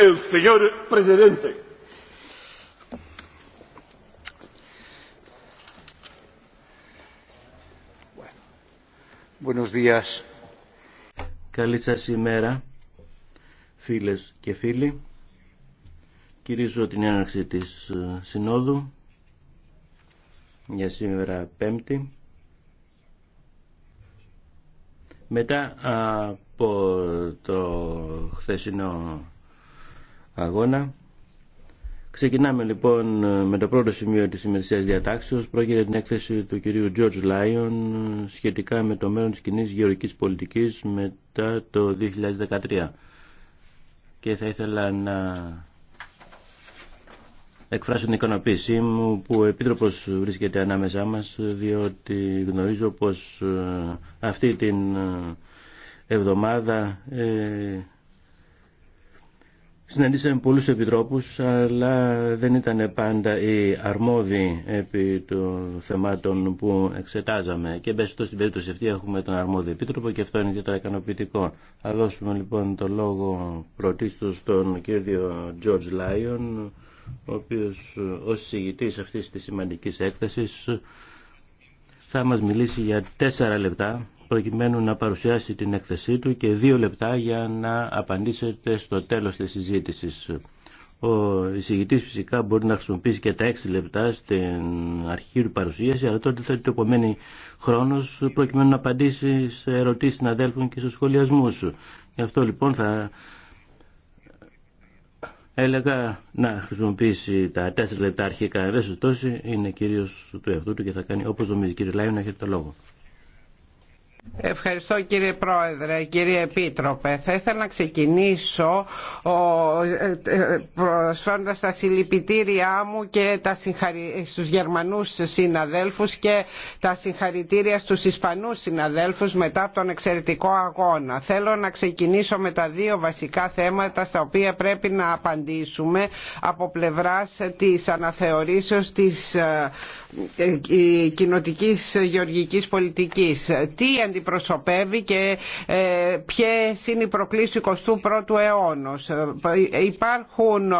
El señor Καλή σας ημέρα, φίλες και φίλοι. Κυρίζω την έναρξη της ε, Συνόδου για σήμερα Πέμπτη. Μετά από το χθεσινό αγώνα. Ξεκινάμε λοιπόν με το πρώτο σημείο της ημερησίας διατάξεως. Πρόκειται την έκθεση του κυρίου George Lyon σχετικά με το μέλλον της κοινή γεωρικής πολιτικής μετά το 2013. Και θα ήθελα να εκφράσω την ικανοποίησή μου που ο Επίτροπος βρίσκεται ανάμεσά μας διότι γνωρίζω πως ε, αυτή την ε, εβδομάδα ε, Συναντήσαμε πολλούς επιτρόπους, αλλά δεν ήταν πάντα οι αρμόδιοι επί των θεμάτων που εξετάζαμε. Και μπέστο στην περίπτωση αυτή έχουμε τον αρμόδιο επίτροπο και αυτό είναι ιδιαίτερα ικανοποιητικό. Θα δώσουμε λοιπόν το λόγο πρωτίστως στον κύριο George Lyon, ο οποίος ως συγητής αυτής της σημαντικής έκθεσης θα μας μιλήσει για τέσσερα λεπτά προκειμένου να παρουσιάσει την έκθεσή του και δύο λεπτά για να απαντήσετε στο τέλος της συζήτησης. Ο εισηγητής φυσικά μπορεί να χρησιμοποιήσει και τα έξι λεπτά στην αρχή του παρουσίαση, αλλά τότε θα του επομένει χρόνος προκειμένου να απαντήσει σε ερωτήσεις συναδέλφων και στους σχολιασμούς. Γι' αυτό λοιπόν θα έλεγα να χρησιμοποιήσει τα τέσσερα λεπτά αρχικά. Εν είναι κυρίω του εαυτού του και θα κάνει όπως νομίζει. Κύριε Λάιου, να έχετε το λόγο. Ευχαριστώ κύριε Πρόεδρε, κύριε Επίτροπε. Θα ήθελα να ξεκινήσω ε, ε, προσφέροντας τα συλληπιτήριά μου και τα συγχαρη... στους Γερμανούς συναδέλφους και τα συγχαρητήρια στους Ισπανούς συναδέλφους μετά από τον εξαιρετικό αγώνα. Θέλω να ξεκινήσω με τα δύο βασικά θέματα στα οποία πρέπει να απαντήσουμε από πλευράς της αναθεωρήσεως της ε, κοινοτικής γεωργικής πολιτικής. Τι αντιπροσωπεύει και ε, ποιε είναι οι προκλησει του 21ου αιώνα. Ε, υπάρχουν ε,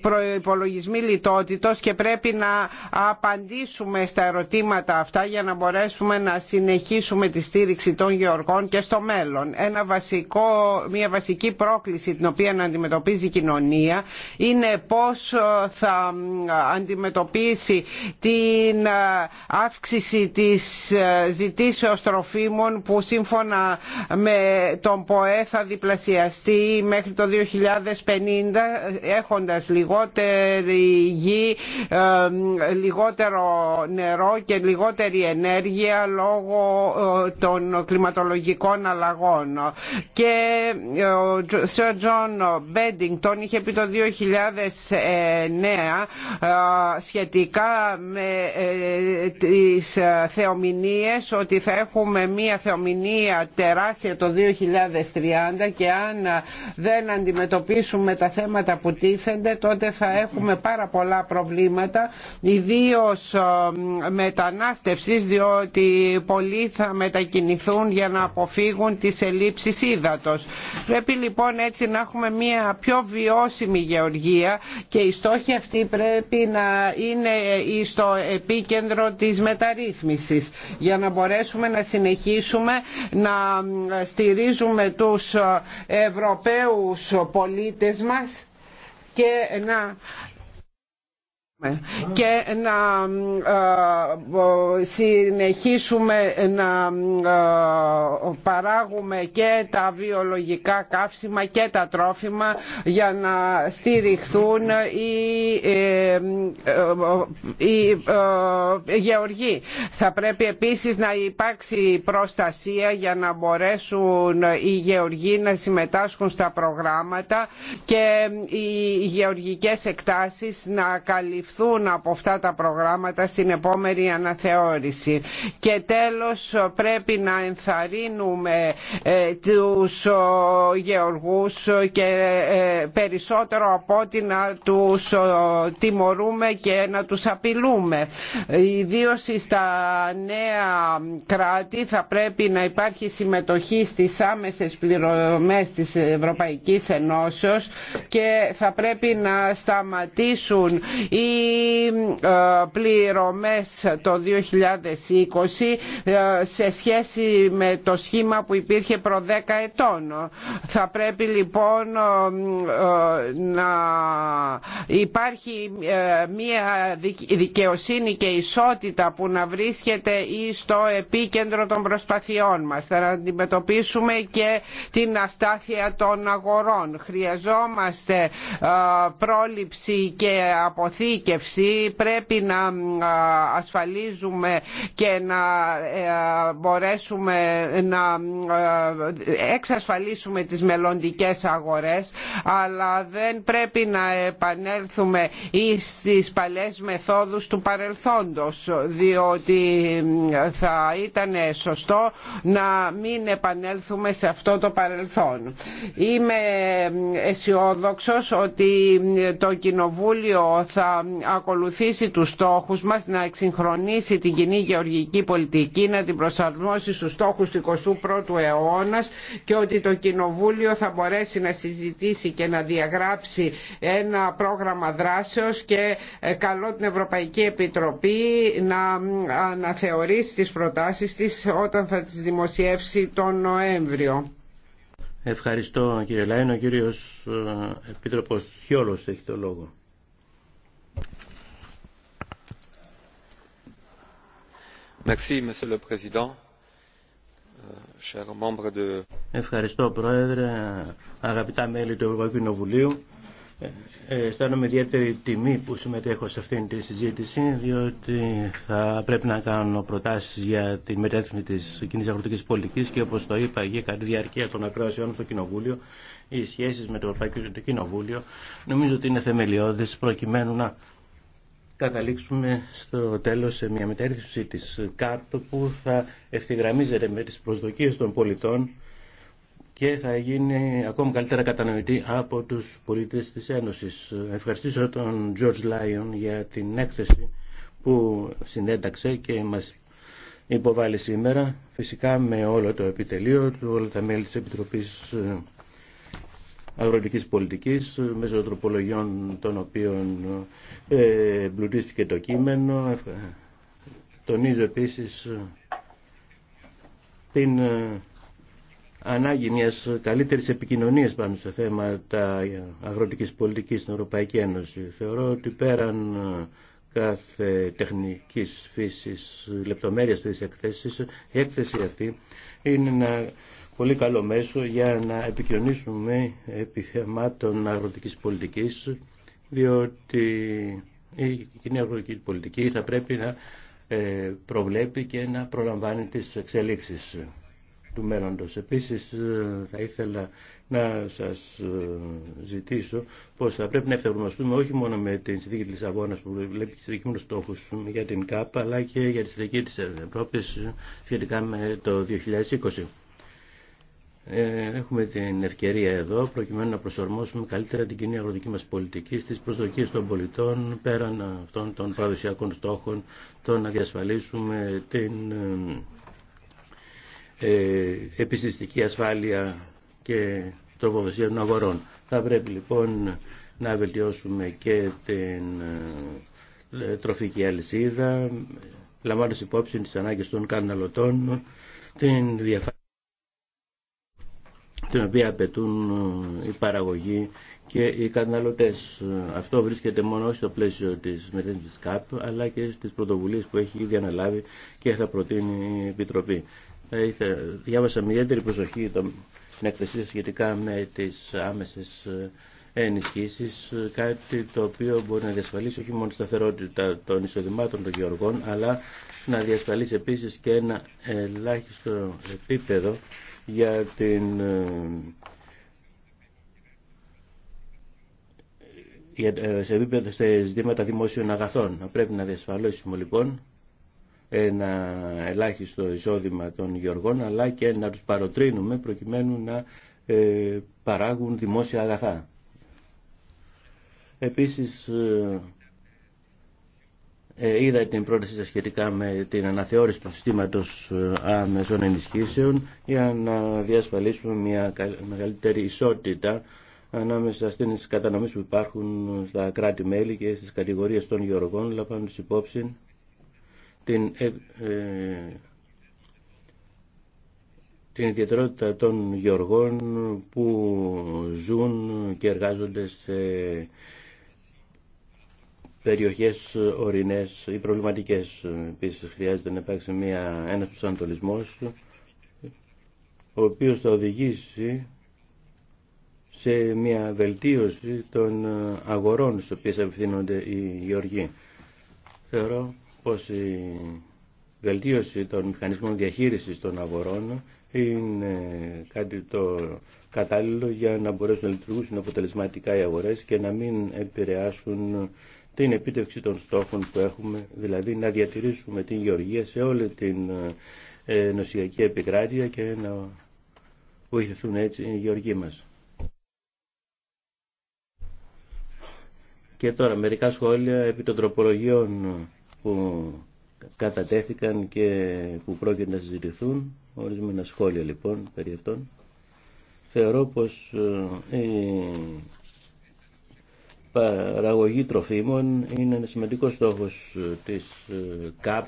προπολογισμοί λιτότητο και πρέπει να απαντήσουμε στα ερωτήματα αυτά για να μπορέσουμε να συνεχίσουμε τη στήριξη των γεωργών και στο μέλλον. Ένα βασικό, μια βασική πρόκληση την οποία να αντιμετωπίζει η κοινωνία είναι πώς θα αντιμετωπίσει την αύξηση της σε τροφίμων που σύμφωνα με τον ΠΟΕ θα διπλασιαστεί μέχρι το 2050 έχοντας λιγότερη γη, ε, λιγότερο νερό και λιγότερη ενέργεια λόγω ε, των κλιματολογικών αλλαγών. Και ε, ο Sir John Μπέντιγκτον είχε πει το 2009 σχετικά με τις θεομηνίες ότι θα έχουμε μία θεομηνία τεράστια το 2030 και αν δεν αντιμετωπίσουμε τα θέματα που τίθενται τότε θα έχουμε πάρα πολλά προβλήματα ιδίως ε, μετανάστευσης διότι πολλοί θα μετακινηθούν για να αποφύγουν τις ελλείψεις ύδατος. Πρέπει λοιπόν έτσι να έχουμε μία πιο βιώσιμη γεωργία και η στόχη αυτή πρέπει να είναι στο επίκεντρο της μεταρρύθμισης για να μπορέσουμε μπορέσουμε να συνεχίσουμε να στηρίζουμε τους Ευρωπαίους πολίτες μας και να ναι. και να ε, ε, συνεχίσουμε να ε, παράγουμε και τα βιολογικά καύσιμα και τα τρόφιμα για να στηριχθούν οι, οι γεωργοί. Θα πρέπει επίσης να υπάρξει προστασία για να μπορέσουν οι γεωργοί να συμμετάσχουν στα προγράμματα και οι γεωργικές εκτάσεις να καλυφθούν από αυτά τα προγράμματα στην επόμενη αναθεώρηση. Και τέλος πρέπει να ενθαρρύνουμε ε, τους γεωργούς ε, και ε, περισσότερο από ό,τι να τους τιμωρούμε και να τους απειλούμε. Ιδίω στα νέα κράτη θα πρέπει να υπάρχει συμμετοχή στις άμεσες πληρωμές της Ευρωπαϊκής Ενώσεως και θα πρέπει να σταματήσουν οι ε, πληρωμές το 2020 ε, σε σχέση με το σχήμα που υπήρχε προ 10 ετών. Θα πρέπει λοιπόν ε, να υπάρχει μια δικαιοσύνη και ισότητα που να βρίσκεται στο επίκεντρο των προσπαθειών μας. Θα αντιμετωπίσουμε και την αστάθεια των αγορών. Χρειαζόμαστε πρόληψη και αποθήκη πρέπει να ασφαλίζουμε και να ε, μπορέσουμε να εξασφαλίσουμε τις μελλοντικέ αγορές αλλά δεν πρέπει να επανέλθουμε στις παλές μεθόδους του παρελθόντος διότι θα ήταν σωστό να μην επανέλθουμε σε αυτό το παρελθόν. Είμαι αισιοδόξος ότι το Κοινοβούλιο θα ακολουθήσει τους στόχους μας, να εξυγχρονίσει την κοινή γεωργική πολιτική, να την προσαρμόσει στους στόχους του 21ου αιώνα και ότι το Κοινοβούλιο θα μπορέσει να συζητήσει και να διαγράψει ένα πρόγραμμα δράσεως και ε, καλό την Ευρωπαϊκή Επιτροπή να ε, αναθεωρήσει τις προτάσεις της όταν θα τις δημοσιεύσει τον Νοέμβριο. Ευχαριστώ κύριε Λάιν. Ο κύριος ε, Επίτροπος Χιόλος έχει το λόγο. Euh, Ευχαριστώ Πρόεδρε, αγαπητά μέλη του Ευρωπαϊκού Κοινοβουλίου. Ε, ε, αισθάνομαι ιδιαίτερη τιμή που συμμετέχω σε αυτήν τη συζήτηση, διότι θα πρέπει να κάνω προτάσεις για τη μετέθμιση της κοινή αγροτικής πολιτικής και όπως το είπα για κατά τη διαρκεία των ακρόασεων στο Κοινοβούλιο, οι σχέσεις με το Ευρωπαϊκό Κοινοβούλιο νομίζω ότι είναι θεμελιώδες προκειμένου να καταλήξουμε στο τέλος σε μια μεταρρύθμιση της ΚΑΠ που θα ευθυγραμμίζεται με τις προσδοκίες των πολιτών και θα γίνει ακόμη καλύτερα κατανοητή από τους πολίτες της Ένωσης. Ευχαριστήσω τον George Lyon για την έκθεση που συνένταξε και μας υποβάλλει σήμερα, φυσικά με όλο το επιτελείο του, όλα τα μέλη της Επιτροπής ε, αγροτικής πολιτικής μέσω τροπολογιών των οποίων ε, μπλουτίστηκε το κείμενο. Ε, τονίζω επίσης ε, την ε, ανάγκη μιας καλύτερης επικοινωνίας πάνω σε τα αγροτικής πολιτικής στην Ευρωπαϊκή Ένωση. Θεωρώ ότι πέραν κάθε τεχνικής φύσης λεπτομέρειας της εκθέσης, η έκθεση αυτή είναι να πολύ καλό μέσο για να επικοινωνήσουμε επί θεμάτων αγροτικής πολιτικής, διότι η κοινή αγροτική πολιτική θα πρέπει να ε, προβλέπει και να προλαμβάνει τις εξελίξεις του μέλλοντος. Επίσης ε, θα ήθελα να σας ε, ζητήσω πως θα πρέπει να ευθερμαστούμε όχι μόνο με την συνθήκη της Λισαβόνας που βλέπει τις μου στόχους για την ΚΑΠ αλλά και για τη συνθήκη της Ευρώπης σχετικά με το 2020. Ε, έχουμε την ευκαιρία εδώ προκειμένου να προσαρμόσουμε καλύτερα την κοινή αγροτική μας πολιτική στις προσδοκίες των πολιτών πέραν αυτών των παραδοσιακών στόχων το να διασφαλίσουμε την ε, ε επιστηστική ασφάλεια και τροφοδοσία των αγορών. Θα πρέπει λοιπόν να βελτιώσουμε και την ε, τροφική αλυσίδα, λαμβάνοντας υπόψη τις ανάγκες των καταναλωτών, την διαφάνεια την οποία απαιτούν η ε, παραγωγή και οι καταναλωτές. Αυτό βρίσκεται μόνο στο πλαίσιο της μερινή ΚΑΠ, αλλά και στις πρωτοβουλίες που έχει ήδη αναλάβει και θα προτείνει η Επιτροπή. Διάβασα με ιδιαίτερη προσοχή την εκθεσή σχετικά με τις άμεσες ε, ενισχύσεις, ε, κάτι το οποίο μπορεί να διασφαλίσει όχι μόνο τη σταθερότητα των εισοδημάτων των γεωργών, αλλά να διασφαλίσει επίσης και ένα ελάχιστο επίπεδο για την ε, ε, σε επίπεδο σε ζητήματα δημόσιων αγαθών. Πρέπει να διασφαλίσουμε λοιπόν ένα ελάχιστο εισόδημα των γεωργών αλλά και να τους παροτρύνουμε προκειμένου να ε, παράγουν δημόσια αγαθά. Επίσης ε, είδα την πρόταση σας σχετικά με την αναθεώρηση του συστήματος ε, άμεσων ενισχύσεων για να διασφαλίσουμε μια μεγαλύτερη ισότητα ανάμεσα στις κατανομές που υπάρχουν στα κράτη-μέλη και στις κατηγορίες των γεωργών λαμβάνοντας υπόψη την, ε, ε την ιδιαιτερότητα των γεωργών που ζουν και εργάζονται σε περιοχές ε, ορεινές ή προβληματικές. Επίσης χρειάζεται να υπάρξει μια, ένας προσανατολισμός ο οποίος θα οδηγήσει σε μια βελτίωση των ε, αγορών στι οποίες απευθύνονται οι γεωργοί. Θεωρώ πως η βελτίωση των μηχανισμών διαχείρισης των αγορών είναι κάτι το κατάλληλο για να μπορέσουν να λειτουργήσουν αποτελεσματικά οι αγορές και να μην επηρεάσουν την επίτευξη των στόχων που έχουμε, δηλαδή να διατηρήσουμε την γεωργία σε όλη την ε, νοσιακή επικράτεια και να βοηθηθούν έτσι οι γεωργοί μας. Και τώρα μερικά σχόλια επί των τροπολογιών που κατατέθηκαν και που πρόκειται να συζητηθούν. Ορισμένα σχόλια λοιπόν περί αυτών. Θεωρώ πως ε, παραγωγή τροφίμων είναι ένα σημαντικός στόχος της ε, ΚΑΠ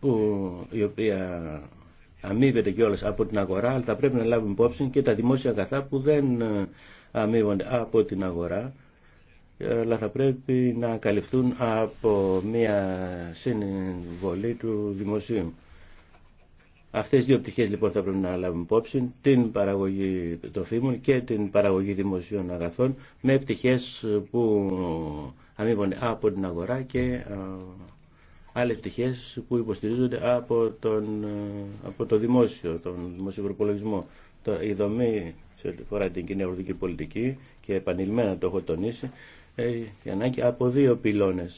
που, η οποία αμείβεται κιόλας από την αγορά αλλά θα πρέπει να λάβουμε υπόψη και τα δημόσια αγαθά που δεν ε, αμείβονται από την αγορά αλλά θα πρέπει να καλυφθούν από μια συμβολή του δημοσίου. Αυτέ οι δύο πτυχέ λοιπόν θα πρέπει να λάβουμε υπόψη, την παραγωγή τροφίμων και την παραγωγή δημοσίων αγαθών με πτυχέ που αμείβονται από την αγορά και άλλες πτυχέ που υποστηρίζονται από, τον, από το δημόσιο, τον δημοσιοπροπολογισμό. Η δομή σε ό,τι φορά την κοινή πολιτική και επανειλημμένα το έχω τονίσει, έχει ανάγκη από δύο πυλώνε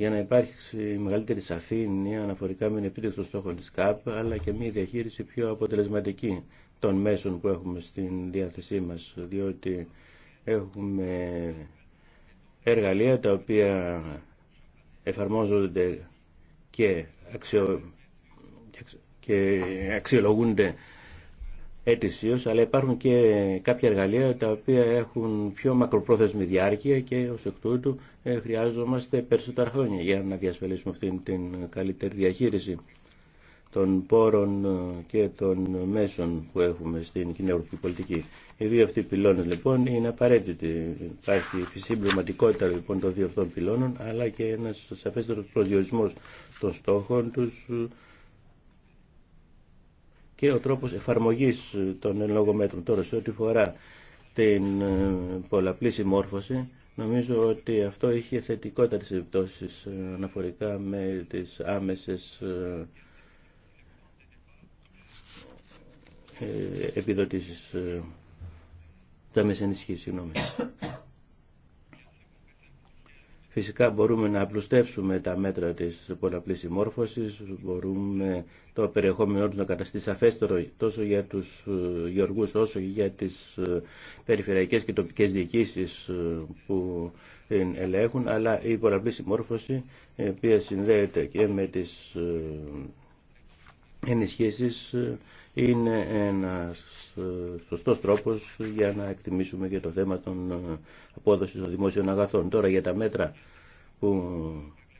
για να υπάρχει μεγαλύτερη σαφήνεια αναφορικά με την επίτευξη των στόχων της ΚΑΠ, αλλά και μια διαχείριση πιο αποτελεσματική των μέσων που έχουμε στην διάθεσή μας, διότι έχουμε εργαλεία τα οποία εφαρμόζονται και, αξιο... και αξιολογούνται αλλά υπάρχουν και κάποια εργαλεία τα οποία έχουν πιο μακροπρόθεσμη διάρκεια και ως εκ τούτου ε, χρειάζομαστε περισσότερα χρόνια για να διασφαλίσουμε αυτήν την καλύτερη διαχείριση των πόρων ε, και των μέσων που έχουμε στην κοινή πολιτική. Οι δύο αυτοί πυλώνες λοιπόν είναι απαραίτητοι. Υπάρχει συμπληρωματικότητα λοιπόν των δύο αυτών πυλώνων αλλά και ένας σαφέστερος προσδιορισμός των στόχων τους και ο τρόπος εφαρμογής των εν μέτρων. Τώρα σε ό,τι φορά την ε, πολλαπλή συμμόρφωση, νομίζω ότι αυτό είχε θετικότερες επιπτώσεις ε, αναφορικά με τις άμεσες ε, επιδοτήσεις, τα μεσενισχύσεις, συγγνώμη. Φυσικά μπορούμε να απλουστεύσουμε τα μέτρα της πολλαπλής συμμόρφωσης, μπορούμε το περιεχόμενό τους να καταστεί σαφέστερο τόσο για τους ε, γεωργούς όσο και για τις ε, περιφερειακές και τοπικές διοικήσεις ε, που ελέγχουν, αλλά η πολλαπλή συμμόρφωση η οποία συνδέεται και με τις ενισχύσεις είναι ένας ε, σωστός τρόπος για να εκτιμήσουμε και το θέμα των ε, απόδοσης των δημόσιων αγαθών. Τώρα για τα μέτρα που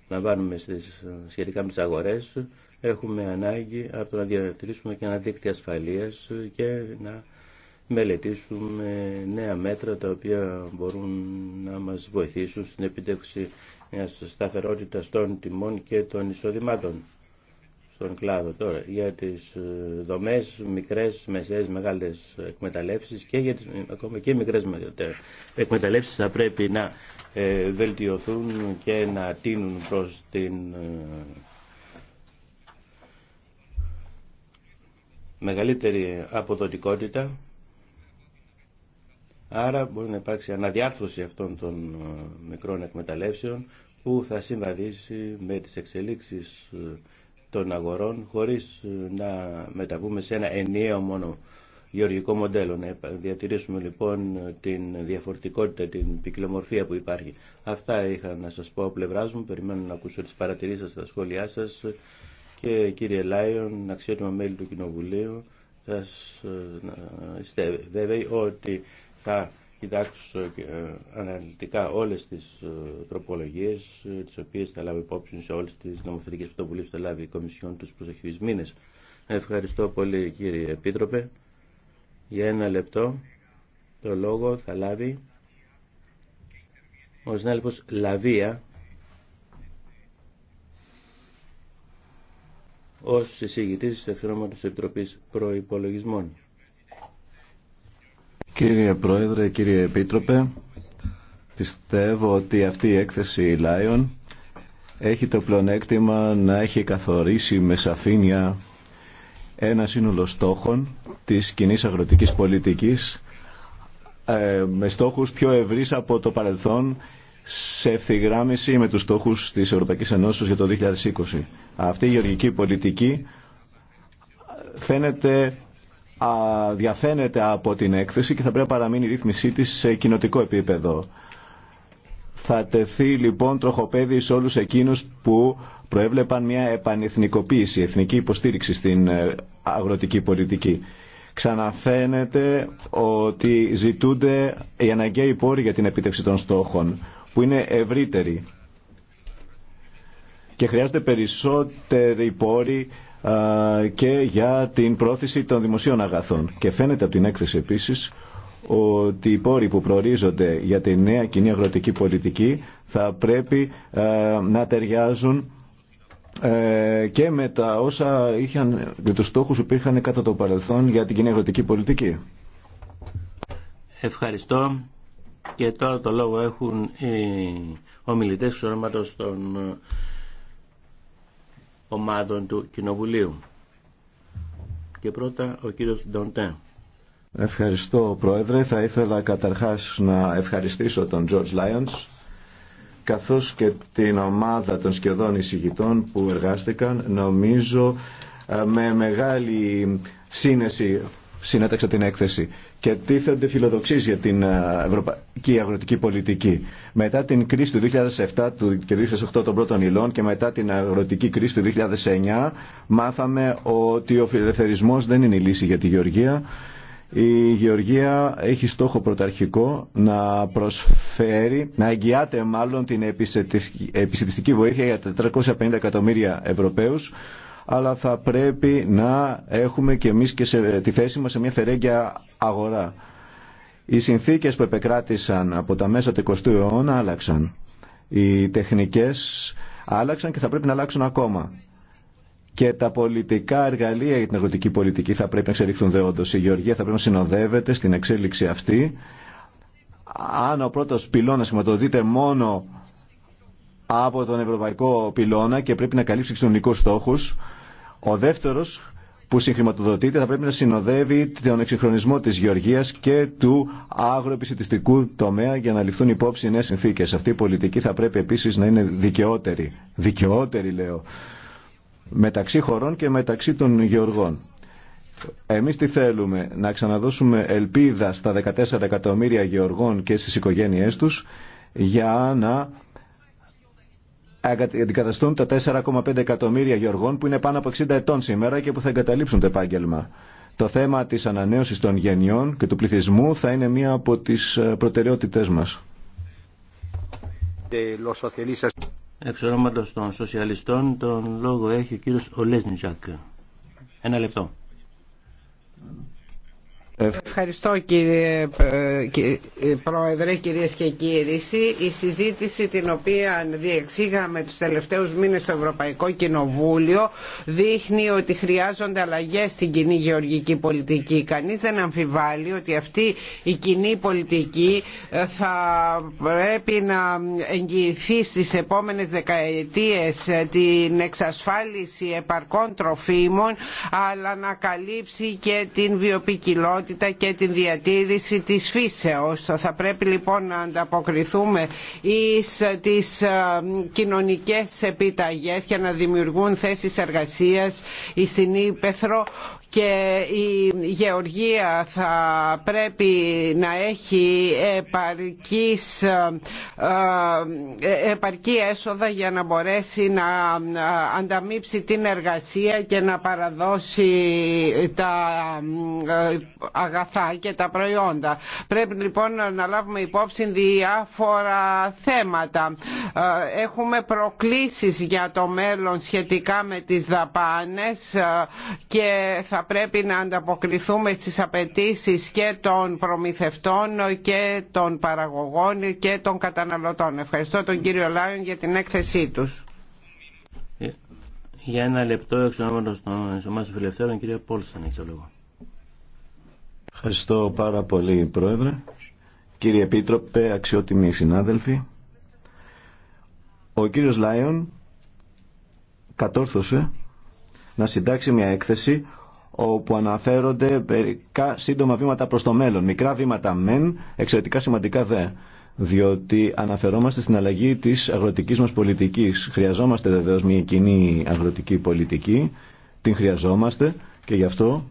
λαμβάνουμε στις, ε, σχετικά με τις αγορές έχουμε ανάγκη από το να διατηρήσουμε και ένα δίκτυο ασφαλείας και να μελετήσουμε νέα μέτρα τα οποία μπορούν να μας βοηθήσουν στην επιτεύξη μιας σταθερότητας των τιμών και των εισοδημάτων στον κλάδο τώρα για τις ε, δομές μικρές, μεσαίες, μεγάλες εκμεταλλεύσεις και για τις, ακόμα και μικρές εκμεταλλεύσεις θα πρέπει να ε, βελτιωθούν και να τίνουν προς την ε, μεγαλύτερη αποδοτικότητα άρα μπορεί να υπάρξει αναδιάρθρωση αυτών των μικρών εκμεταλλεύσεων που θα συμβαδίσει με τις εξελίξεις των αγορών χωρίς ε, να μεταβούμε σε ένα ενιαίο μόνο γεωργικό μοντέλο. Να διατηρήσουμε λοιπόν την διαφορετικότητα, την πυκλομορφία που υπάρχει. Αυτά είχα να σας πω πλευρά μου. Περιμένω να ακούσω τις παρατηρήσεις σας, τα σχόλιά σας. Και κύριε Λάιον, αξιότιμα μέλη του Κοινοβουλίου, θα ε, είστε βέβαιοι ότι θα κοιτάξω ε, αναλυτικά όλες τις ε, τροπολογίες ε, τις οποίες θα λάβει υπόψη σε όλες τις νομοθετικές πρωτοβουλίες που θα λάβει η Κομισιόν τους προσεχείς μήνες. Ευχαριστώ πολύ κύριε Επίτροπε. Για ένα λεπτό το λόγο θα λάβει ο συνάδελφος Λαβία ως εισηγητής της Επιτροπής Προϋπολογισμών. Κύριε Πρόεδρε, κύριε Επίτροπε, πιστεύω ότι αυτή η έκθεση Lion έχει το πλονέκτημα να έχει καθορίσει με σαφήνεια ένα σύνολο στόχων της κοινή αγροτικής πολιτικής ε, με στόχους πιο ευρύς από το παρελθόν σε ευθυγράμμιση με τους στόχους της Ευρωπαϊκής Ενώσης για το 2020. Αυτή η γεωργική πολιτική φαίνεται διαφαίνεται από την έκθεση και θα πρέπει να παραμείνει η ρύθμισή της σε κοινοτικό επίπεδο. Θα τεθεί λοιπόν τροχοπέδι σε όλους εκείνους που προέβλεπαν μια επανεθνικοποίηση, εθνική υποστήριξη στην ε, αγροτική πολιτική. Ξαναφαίνεται ότι ζητούνται οι αναγκαίοι πόροι για την επίτευξη των στόχων, που είναι ευρύτεροι. Και χρειάζονται περισσότεροι πόροι και για την πρόθεση των δημοσίων αγαθών. Και φαίνεται από την έκθεση επίσης ότι οι πόροι που προορίζονται για τη νέα κοινή αγροτική πολιτική θα πρέπει να ταιριάζουν ε, και με τα όσα είχαν τους στόχους που υπήρχαν κατά το παρελθόν για την κοινή αγροτική πολιτική. Ευχαριστώ. Και τώρα το λόγο έχουν οι ομιλητές του των ομάδων του Κοινοβουλίου. Και πρώτα ο κύριος Ευχαριστώ Πρόεδρε. Θα ήθελα καταρχάς να ευχαριστήσω τον George Lyons καθώς και την ομάδα των σχεδόν εισηγητών που εργάστηκαν νομίζω ε, με μεγάλη σύνεση συνέταξε την έκθεση και τίθενται φιλοδοξίες για την ε, ευρωπαϊκή αγροτική πολιτική. Μετά την κρίση του 2007 και 2008 των πρώτων υλών και μετά την αγροτική κρίση του 2009 μάθαμε ότι ο φιλελευθερισμός δεν είναι η λύση για τη Γεωργία. Η Γεωργία έχει στόχο πρωταρχικό να προσφέρει, να εγγυάται μάλλον την επισητιστική βοήθεια για 450 εκατομμύρια Ευρωπαίους αλλά θα πρέπει να έχουμε και εμείς και σε, τη θέση μας σε μια φερέγγια αγορά. Οι συνθήκες που επεκράτησαν από τα μέσα του 20ου αιώνα άλλαξαν. Οι τεχνικές άλλαξαν και θα πρέπει να αλλάξουν ακόμα. Και τα πολιτικά εργαλεία για την εργοτική πολιτική θα πρέπει να εξελιχθούν δεόντως. Η Γεωργία θα πρέπει να συνοδεύεται στην εξέλιξη αυτή. Αν ο πρώτος πυλώνας σηματοδοτείται μόνο από τον ευρωπαϊκό πυλώνα και πρέπει να καλύψει εξωτερικού στόχους, ο δεύτερος που συγχρηματοδοτείται θα πρέπει να συνοδεύει τον εξυγχρονισμό της γεωργία και του αγροεπιστημιστικού τομέα για να ληφθούν υπόψη νέε συνθήκε. Αυτή η πολιτική θα πρέπει επίσης να είναι δικαιότερη. Δικαιότερη λέω. Μεταξύ χωρών και μεταξύ των γεωργών. Εμείς τι θέλουμε, να ξαναδώσουμε ελπίδα στα 14 εκατομμύρια γεωργών και στις οικογένειές τους για να αντικαταστούν τα 4,5 εκατομμύρια γεωργών που είναι πάνω από 60 ετών σήμερα και που θα εγκαταλείψουν το επάγγελμα. Το θέμα της ανανέωσης των γενιών και του πληθυσμού θα είναι μία από τις ε, προτεραιότητές μας. Εξ των σοσιαλιστών τον λόγο έχει ο κύριος Ολέσνιτζακ. Ένα λεπτό. Ευχαριστώ κύριε ε, ε, Πρόεδρε, κυρίες και κύριοι. Η συζήτηση την οποία διεξήγαμε τους τελευταίους μήνες στο Ευρωπαϊκό Κοινοβούλιο δείχνει ότι χρειάζονται αλλαγές στην κοινή γεωργική πολιτική. Κανείς δεν αμφιβάλλει ότι αυτή η κοινή πολιτική ε, θα πρέπει να εγγυηθεί στις επόμενες δεκαετίες την εξασφάλιση επαρκών τροφίμων αλλά να καλύψει και την βιοπικιλότητα και την διατήρηση της φύσεως. Θα πρέπει λοιπόν να ανταποκριθούμε εις ε, τις ε, κοινωνικές επιταγές και να δημιουργούν θέσεις εργασίας στην Ήπεθρο και η γεωργία θα πρέπει να έχει επαρκής, ε, ε, επαρκή έσοδα για να μπορέσει να ε, ανταμείψει την εργασία και να παραδώσει τα αγαθά και τα προϊόντα. Πρέπει λοιπόν να λάβουμε υπόψη διάφορα θέματα. Έχουμε προκλήσεις για το μέλλον σχετικά με τις δαπάνες και θα πρέπει να ανταποκριθούμε στις απαιτήσεις και των προμηθευτών και των παραγωγών και των καταναλωτών. Ευχαριστώ τον κύριο Λάιον για την έκθεσή τους. Για ένα λεπτό εξ των Σωμάς Φιλευθέρων, κύριε Πόλσαν, έχει το λόγο. Ευχαριστώ πάρα πολύ, Πρόεδρε. Κύριε Επίτροπε, αξιότιμοι συνάδελφοι. Ο κύριος Λάιον κατόρθωσε να συντάξει μια έκθεση όπου αναφέρονται περικά σύντομα βήματα προς το μέλλον. Μικρά βήματα μεν, εξαιρετικά σημαντικά δε. Διότι αναφερόμαστε στην αλλαγή της αγροτικής μας πολιτικής. Χρειαζόμαστε βεβαίω μια κοινή αγροτική πολιτική, την χρειαζόμαστε και γι' αυτό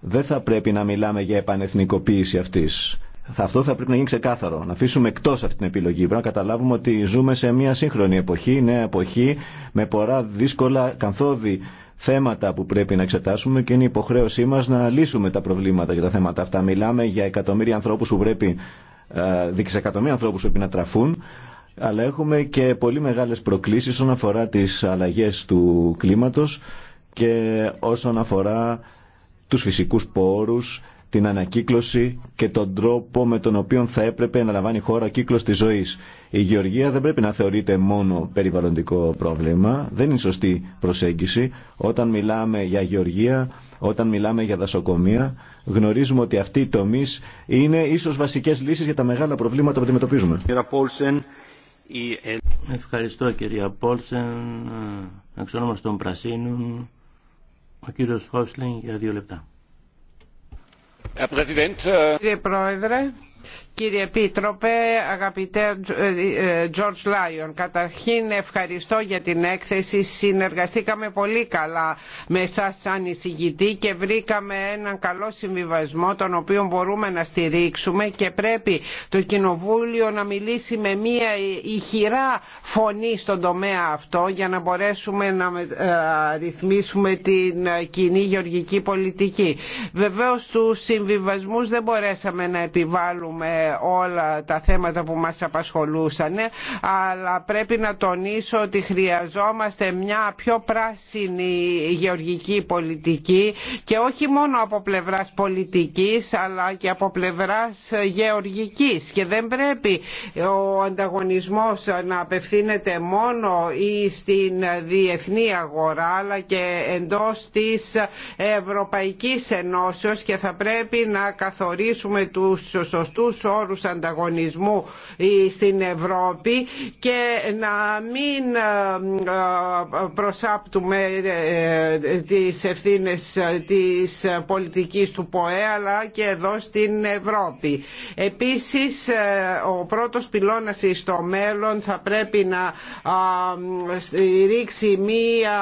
δεν θα πρέπει να μιλάμε για επανεθνικοποίηση αυτής. Αυτό θα πρέπει να γίνει ξεκάθαρο. Να αφήσουμε εκτό αυτή την επιλογή. Πρέπει να καταλάβουμε ότι ζούμε σε μια σύγχρονη εποχή, νέα εποχή, με πολλά δύσκολα, καθόδη θέματα που πρέπει να εξετάσουμε και είναι η υποχρέωσή μα να λύσουμε τα προβλήματα και τα θέματα αυτά. Μιλάμε για εκατομμύρια ανθρώπου, που πρέπει, ε, δισεκατομμύρια ανθρώπους που πρέπει να τραφούν, αλλά έχουμε και πολύ μεγάλε προκλήσει όσον αφορά τι αλλαγέ του κλίματο και όσον αφορά τους φυσικούς πόρους την ανακύκλωση και τον τρόπο με τον οποίο θα έπρεπε να λαμβάνει η χώρα ο κύκλος της ζωής. Η γεωργία δεν πρέπει να θεωρείται μόνο περιβαλλοντικό πρόβλημα, δεν είναι σωστή προσέγγιση. Όταν μιλάμε για γεωργία, όταν μιλάμε για δασοκομεία, γνωρίζουμε ότι αυτοί οι τομεί είναι ίσως βασικές λύσεις για τα μεγάλα προβλήματα που αντιμετωπίζουμε. Ευχαριστώ κυρία Πόλσεν, εξ των Πρασίνων, ο κύριος Χόσλινγκ για δύο λεπτά. Äh Κύριε Πρόεδρε, Κύριε Επίτροπε, αγαπητέ ε, ε, George Lyon, καταρχήν ευχαριστώ για την έκθεση. Συνεργαστήκαμε πολύ καλά με εσά σαν εισηγητή και βρήκαμε έναν καλό συμβιβασμό τον οποίο μπορούμε να στηρίξουμε και πρέπει το Κοινοβούλιο να μιλήσει με μία ηχηρά φωνή στον τομέα αυτό για να μπορέσουμε να ε, ρυθμίσουμε την κοινή γεωργική πολιτική. Βεβαίως στους συμβιβασμούς δεν μπορέσαμε να επιβάλλουμε όλα τα θέματα που μας απασχολούσαν αλλά πρέπει να τονίσω ότι χρειαζόμαστε μια πιο πράσινη γεωργική πολιτική και όχι μόνο από πλευράς πολιτικής αλλά και από πλευράς γεωργικής και δεν πρέπει ο ανταγωνισμός να απευθύνεται μόνο ή στην διεθνή αγορά αλλά και εντός της Ευρωπαϊκής Ενώσεως και θα πρέπει να καθορίσουμε τους σωστούς όρους ανταγωνισμού ε, στην Ευρώπη και να μην ε, ε, προσάπτουμε τις ευθύνες της πολιτικής του ΠΟΕ αλλά και εδώ στην Ευρώπη. Επίσης ο πρώτος πυλώνας στο μέλλον θα πρέπει να ρίξει μία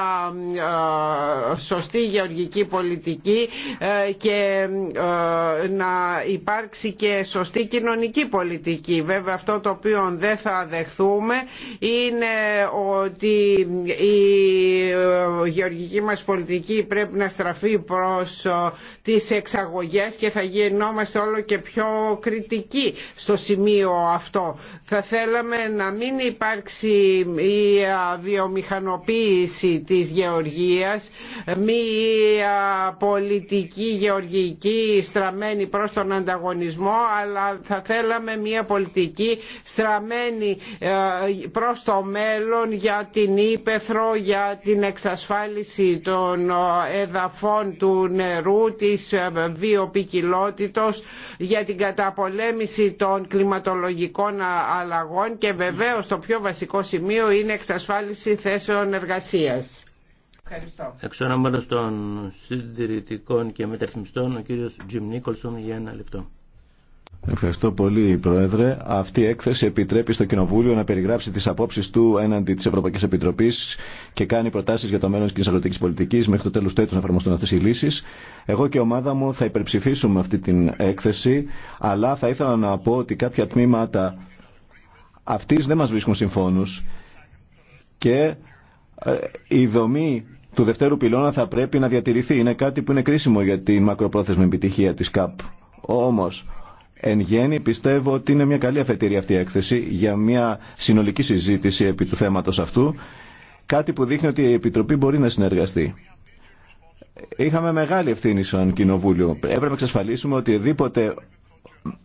σωστή γεωργική πολιτική και να υπάρξει και σωστή κοινωνική πολιτική. Βέβαια αυτό το οποίο δεν θα δεχθούμε είναι ότι η ε, γεωργική μας πολιτική πρέπει να στραφεί προς ε, τις εξαγωγές και θα γινόμαστε όλο και πιο κριτικοί στο σημείο αυτό. Θα θέλαμε να μην υπάρξει η βιομηχανοποίηση της γεωργίας, μια πολιτική γεωργική στραμμένη προς τον ανταγωνισμό, αλλά θα θέλαμε μια πολιτική στραμμένη ε, προς το μέλλον για την ύπεθρο, για την εξασφάλιση των ε, εδαφών του νερού, της ε, βιοπικιλότητος, για την καταπολέμηση των κλιματολογικών αλλαγών και βεβαίως το πιο βασικό σημείο είναι εξασφάλιση θέσεων εργασίας. Ευχαριστώ. Εξ των συντηρητικών και μεταρρυθμιστών, ο κύριος Τζιμ Νίκολσον για ένα λεπτό. Ευχαριστώ πολύ, Πρόεδρε. Αυτή η έκθεση επιτρέπει στο Κοινοβούλιο να περιγράψει τι απόψει του έναντι τη Ευρωπαϊκή Επιτροπή και κάνει προτάσει για το μέλλον τη κοινωνική πολιτική μέχρι το τέλο του έτου να εφαρμοστούν αυτέ οι λύσει. Εγώ και η ομάδα μου θα υπερψηφίσουμε αυτή την έκθεση, αλλά θα ήθελα να πω ότι κάποια τμήματα αυτή δεν μα βρίσκουν συμφώνου και ε, η δομή του δευτέρου πυλώνα θα πρέπει να διατηρηθεί. Είναι κάτι που είναι κρίσιμο για τη μακροπρόθεσμη επιτυχία τη ΚΑΠ. Όμω. Εν γέννη πιστεύω ότι είναι μια καλή αφετηρία αυτή η έκθεση για μια συνολική συζήτηση επί του θέματος αυτού, κάτι που δείχνει ότι η Επιτροπή μπορεί να συνεργαστεί. Είχαμε μεγάλη ευθύνη σαν Κοινοβούλιο. Έπρεπε να εξασφαλίσουμε ότι οδήποτε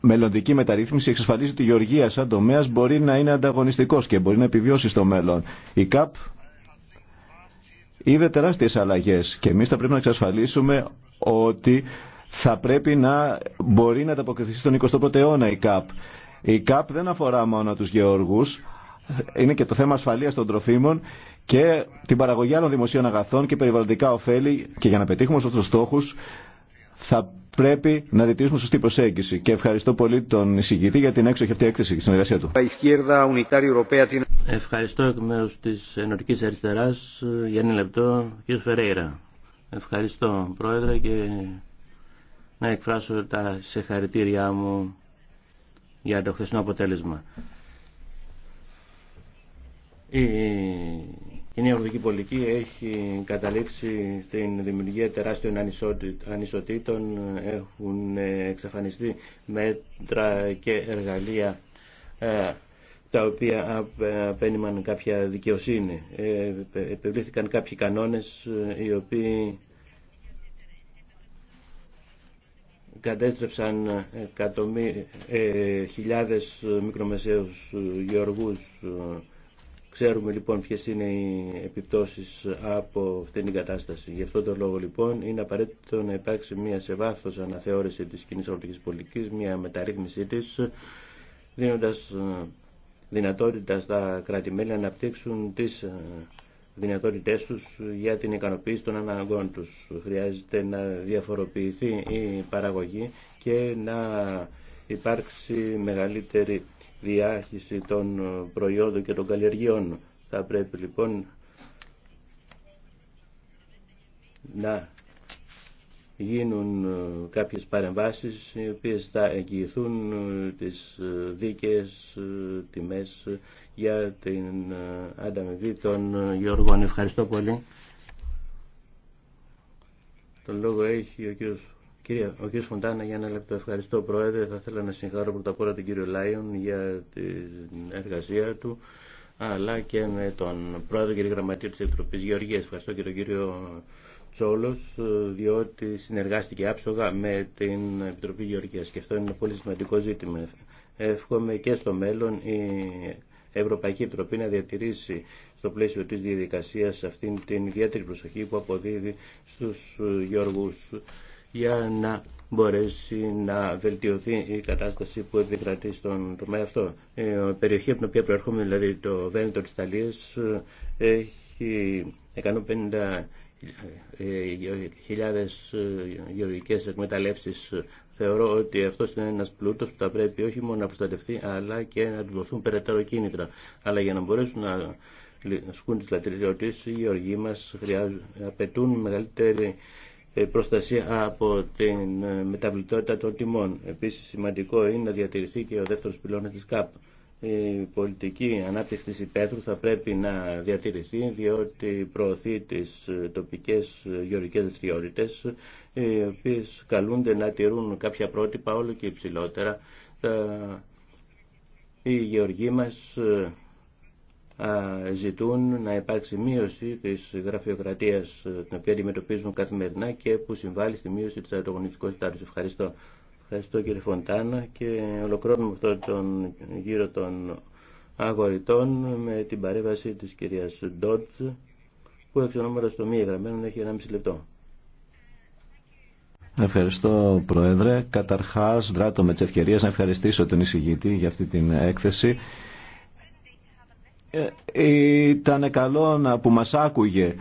μελλοντική μεταρρύθμιση εξασφαλίζει ότι η γεωργία σαν τομέα μπορεί να είναι ανταγωνιστικό και μπορεί να επιβιώσει στο μέλλον. Η ΚΑΠ είδε τεράστιε αλλαγέ και εμεί θα πρέπει να εξασφαλίσουμε ότι θα πρέπει να μπορεί να ανταποκριθεί στον 21ο αιώνα η ΚΑΠ. Η ΚΑΠ δεν αφορά μόνο τους γεωργούς, είναι και το θέμα ασφαλείας των τροφίμων και την παραγωγή άλλων δημοσίων αγαθών και περιβαλλοντικά ωφέλη και για να πετύχουμε αυτούς τους στόχους θα πρέπει να διτήσουμε σωστή προσέγγιση. Και ευχαριστώ πολύ τον εισηγητή για την έξοχη αυτή έκθεση και συνεργασία του. Ευχαριστώ εκ μέρους της Ενωτικής Αριστεράς για ένα λεπτό, κ. Φερέιρα. Ευχαριστώ, Πρόεδρε, και να εκφράσω τα συγχαρητήριά μου για το χθεσινό αποτέλεσμα. Η κοινή ευρωπαϊκή πολιτική έχει καταλήξει στην δημιουργία τεράστιων ανισοτήτων, έχουν εξαφανιστεί μέτρα και εργαλεία ε, τα οποία απένιμαν κάποια δικαιοσύνη. Ε, επιβλήθηκαν κάποιοι κανόνες ε, οι οποίοι κατέστρεψαν ε, εκατομμύ... ε, χιλιάδες μικρομεσαίους ε, γεωργούς. Ε. Ξέρουμε λοιπόν ποιες είναι οι επιπτώσεις από αυτήν την κατάσταση. Γι' αυτό τον λόγο λοιπόν είναι απαραίτητο να υπάρξει μια σε βάθος αναθεώρηση της κοινή αγροτικής πολιτικής, μια μεταρρύθμιση της, δίνοντας δυνατότητα στα κράτη-μέλη να αναπτύξουν τις Δυνατότητέ τους για την ικανοποίηση των αναγκών τους. Χρειάζεται να διαφοροποιηθεί η παραγωγή και να υπάρξει μεγαλύτερη διάχυση των προϊόντων και των καλλιεργειών. Θα πρέπει λοιπόν να γίνουν κάποιες παρεμβάσεις οι οποίες θα εγγυηθούν τις δίκαιες τιμές για την ανταμοιβή ε, των ε, Γιώργων. Ευχαριστώ πολύ. Το λόγο έχει ο κύριος, κύριος Φοντάνα για ένα λεπτό. Ευχαριστώ Πρόεδρε. Θα ήθελα να συγχαρώ πρώτα απ' όλα τον κύριο Λάιον για την εργασία του αλλά και με τον Πρόεδρο και τη της Επιτροπής Γεωργίας. Ευχαριστώ και τον κύριο Τσόλος ε, διότι συνεργάστηκε άψογα με την Επιτροπή Γεωργίας και αυτό είναι ένα πολύ σημαντικό ζήτημα. Εύχομαι και στο μέλλον η Ευρωπαϊκή Επιτροπή να διατηρήσει στο πλαίσιο της διαδικασίας αυτήν την ιδιαίτερη προσοχή που αποδίδει στους ε, Γιώργους για να μπορέσει να βελτιωθεί η κατάσταση που επικρατεί στον τομέα αυτό. Ε, η περιοχή από την οποία προέρχομαι, δηλαδή το Βένετο της Ιταλίας, ε, έχει 150 χιλιάδες γεωργικές εκμεταλλεύσεις Θεωρώ ότι αυτό είναι ένα πλούτο που θα πρέπει όχι μόνο να προστατευτεί, αλλά και να του δοθούν περαιτέρω κίνητρα. Αλλά για να μπορέσουν να ασκούν τι λατρεριώτε, οι γεωργοί μα απαιτούν μεγαλύτερη ε, προστασία από την ε, μεταβλητότητα των τιμών. Επίση, σημαντικό είναι να διατηρηθεί και ο δεύτερο πυλώνα τη ΚΑΠ η πολιτική ανάπτυξη της υπαίθρου θα πρέπει να διατηρηθεί διότι προωθεί τις ε, τοπικές ε, γεωργικές δραστηριότητε, οι οποίες καλούνται να τηρούν κάποια πρότυπα όλο και υψηλότερα. Οι γεωργοί μας ε, ζητούν να υπάρξει μείωση της γραφειοκρατίας την οποία αντιμετωπίζουν καθημερινά και που συμβάλλει στη μείωση της ανταγωνιστικότητάς. Ευχαριστώ. Ευχαριστώ κύριε Φοντάνα και ολοκληρώνουμε αυτόν τον γύρο των αγορητών με την παρέμβαση της κυρίας Ντότζ που εξ ονόματος στο μία εγγραμμένων έχει 1,5 λεπτό. Ευχαριστώ Πρόεδρε. Καταρχάς δράτω με τις ευκαιρίες να ευχαριστήσω τον εισηγητή για αυτή την έκθεση. Ε, ήταν καλό να, που μας άκουγε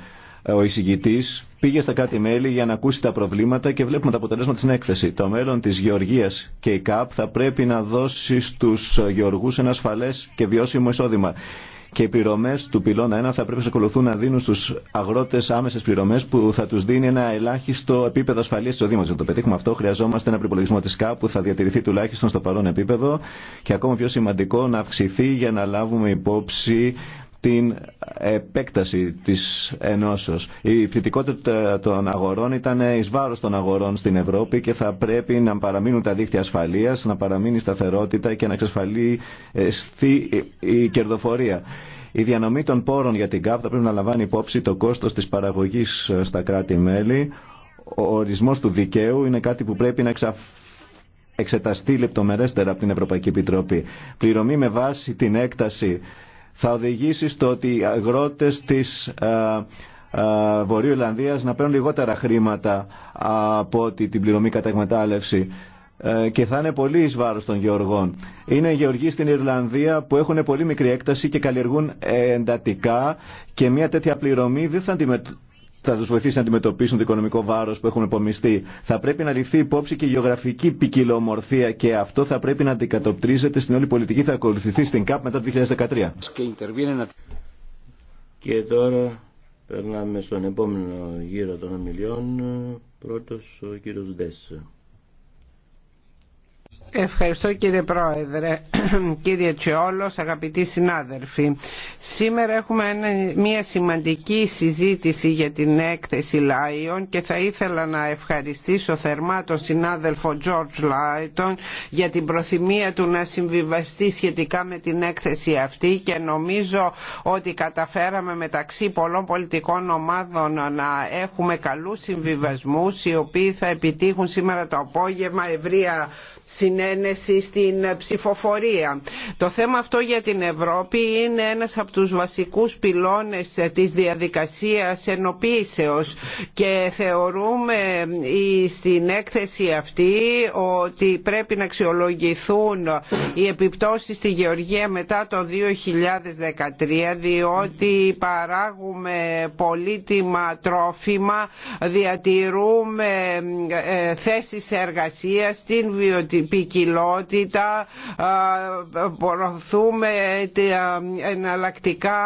ε, ο εισηγητή πήγε στα κάτι μέλη για να ακούσει τα προβλήματα και βλέπουμε τα αποτελέσματα τη έκθεση. Το μέλλον τη γεωργία και η ΚΑΠ θα πρέπει να δώσει στου γεωργού ένα ασφαλέ και βιώσιμο εισόδημα. Και οι πληρωμέ του πυλώνα 1 θα πρέπει να ακολουθούν να δίνουν στου αγρότε άμεσε πληρωμέ που θα του δίνει ένα ελάχιστο επίπεδο ασφαλεία εισοδήματο. Για να το πετύχουμε αυτό, χρειαζόμαστε ένα προπολογισμό τη ΚΑΠ που θα διατηρηθεί τουλάχιστον στο παρόν επίπεδο και ακόμα πιο σημαντικό να αυξηθεί για να λάβουμε υπόψη την επέκταση της ενώσεως. Η πτυτικότητα των αγορών ήταν εις βάρος των αγορών στην Ευρώπη και θα πρέπει να παραμείνουν τα δίκτυα ασφαλείας, να παραμείνει η σταθερότητα και να εξασφαλιστεί η κερδοφορία. Η διανομή των πόρων για την ΚΑΠ θα πρέπει να λαμβάνει υπόψη το κόστος της παραγωγής στα κράτη-μέλη. Ο ορισμός του δικαίου είναι κάτι που πρέπει να εξεταστεί λεπτομερέστερα από την Ευρωπαϊκή Επιτροπή. Πληρωμή με βάση την έκταση θα οδηγήσει στο ότι οι αγρότες της ε, ε, Βορείου Ιρλανδίας να παίρνουν λιγότερα χρήματα από την πληρωμή κατά εκμετάλλευση ε, και θα είναι πολύ εις βάρος των γεωργών. Είναι γεωργοί στην Ιρλανδία που έχουν πολύ μικρή έκταση και καλλιεργούν εντατικά και μια τέτοια πληρωμή δεν θα, θα του βοηθήσει να αντιμετωπίσουν το οικονομικό βάρο που έχουν επομιστεί. Θα πρέπει να ληφθεί υπόψη και η γεωγραφική ποικιλομορφία και αυτό θα πρέπει να αντικατοπτρίζεται στην όλη πολιτική θα ακολουθηθεί στην ΚΑΠ μετά το 2013. Και τώρα περνάμε στον επόμενο γύρο των ομιλιών. Πρώτος ο κύριος Δέσσερ. Ευχαριστώ κύριε Πρόεδρε, κύριε Τσιόλος, αγαπητοί συνάδελφοι. Σήμερα έχουμε μια σημαντική συζήτηση για την έκθεση Λάιον και θα ήθελα να ευχαριστήσω θερμά τον συνάδελφο George Λάιτον για την προθυμία του να συμβιβαστεί σχετικά με την έκθεση αυτή και νομίζω ότι καταφέραμε μεταξύ πολλών πολιτικών ομάδων να έχουμε καλούς συμβιβασμούς οι οποίοι θα επιτύχουν σήμερα το απόγευμα ευρεία συνέχεια συνένεση στην ψηφοφορία. Το θέμα αυτό για την Ευρώπη είναι ένας από τους βασικούς πυλώνες της διαδικασίας ενοποίησεως και θεωρούμε στην έκθεση αυτή ότι πρέπει να αξιολογηθούν οι επιπτώσεις στη Γεωργία μετά το 2013 διότι παράγουμε πολύτιμα τρόφιμα, διατηρούμε ε, ε, θέσεις εργασίας στην βιοτυπική ποικιλότητα, προωθούμε εναλλακτικά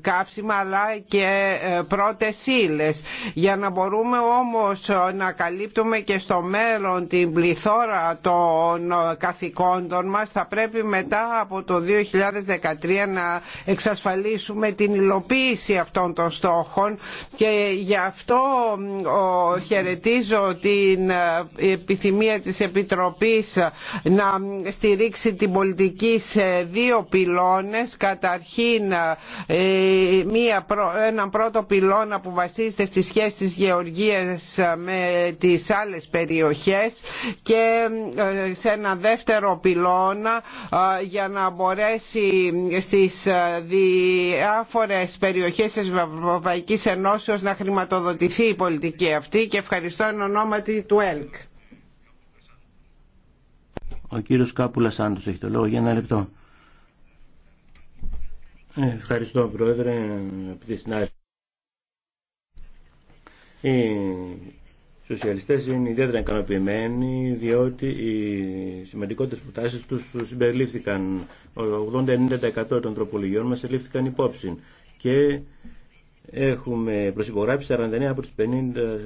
καύσιμα αλλά και ε, πρώτες ύλες. Για να μπορούμε όμως να καλύπτουμε και στο μέλλον την πληθώρα των καθηκόντων μας θα πρέπει μετά από το 2013 να εξασφαλίσουμε την υλοποίηση αυτών των στόχων και γι' αυτό χαιρετίζω την ε, επιθυμία της Επιτροπής να στηρίξει την πολιτική σε δύο πυλώνες. Καταρχήν ε, μία, έναν πρώτο πυλώνα που βασίζεται στη σχέση της γεωργίας με τις άλλες περιοχές και ε, σε ένα δεύτερο πυλώνα ε, για να μπορέσει στις διάφορες περιοχές της Ευρωπαϊκής Ενώσεως να χρηματοδοτηθεί η πολιτική αυτή και ευχαριστώ εν ονόματι του ΕΛΚ. Ο κύριος Κάπουλα Άντο έχει το λόγο για ένα λεπτό. Ε, ευχαριστώ Πρόεδρε, τη συνάδελφη. Οι σοσιαλιστές είναι ιδιαίτερα ικανοποιημένοι διότι οι σημαντικότερες προτάσει τους συμπεριλήφθηκαν. 80-90% των τροπολογιών μας ελήφθηκαν υπόψη και Έχουμε προσυπογράψει 49 από τις 50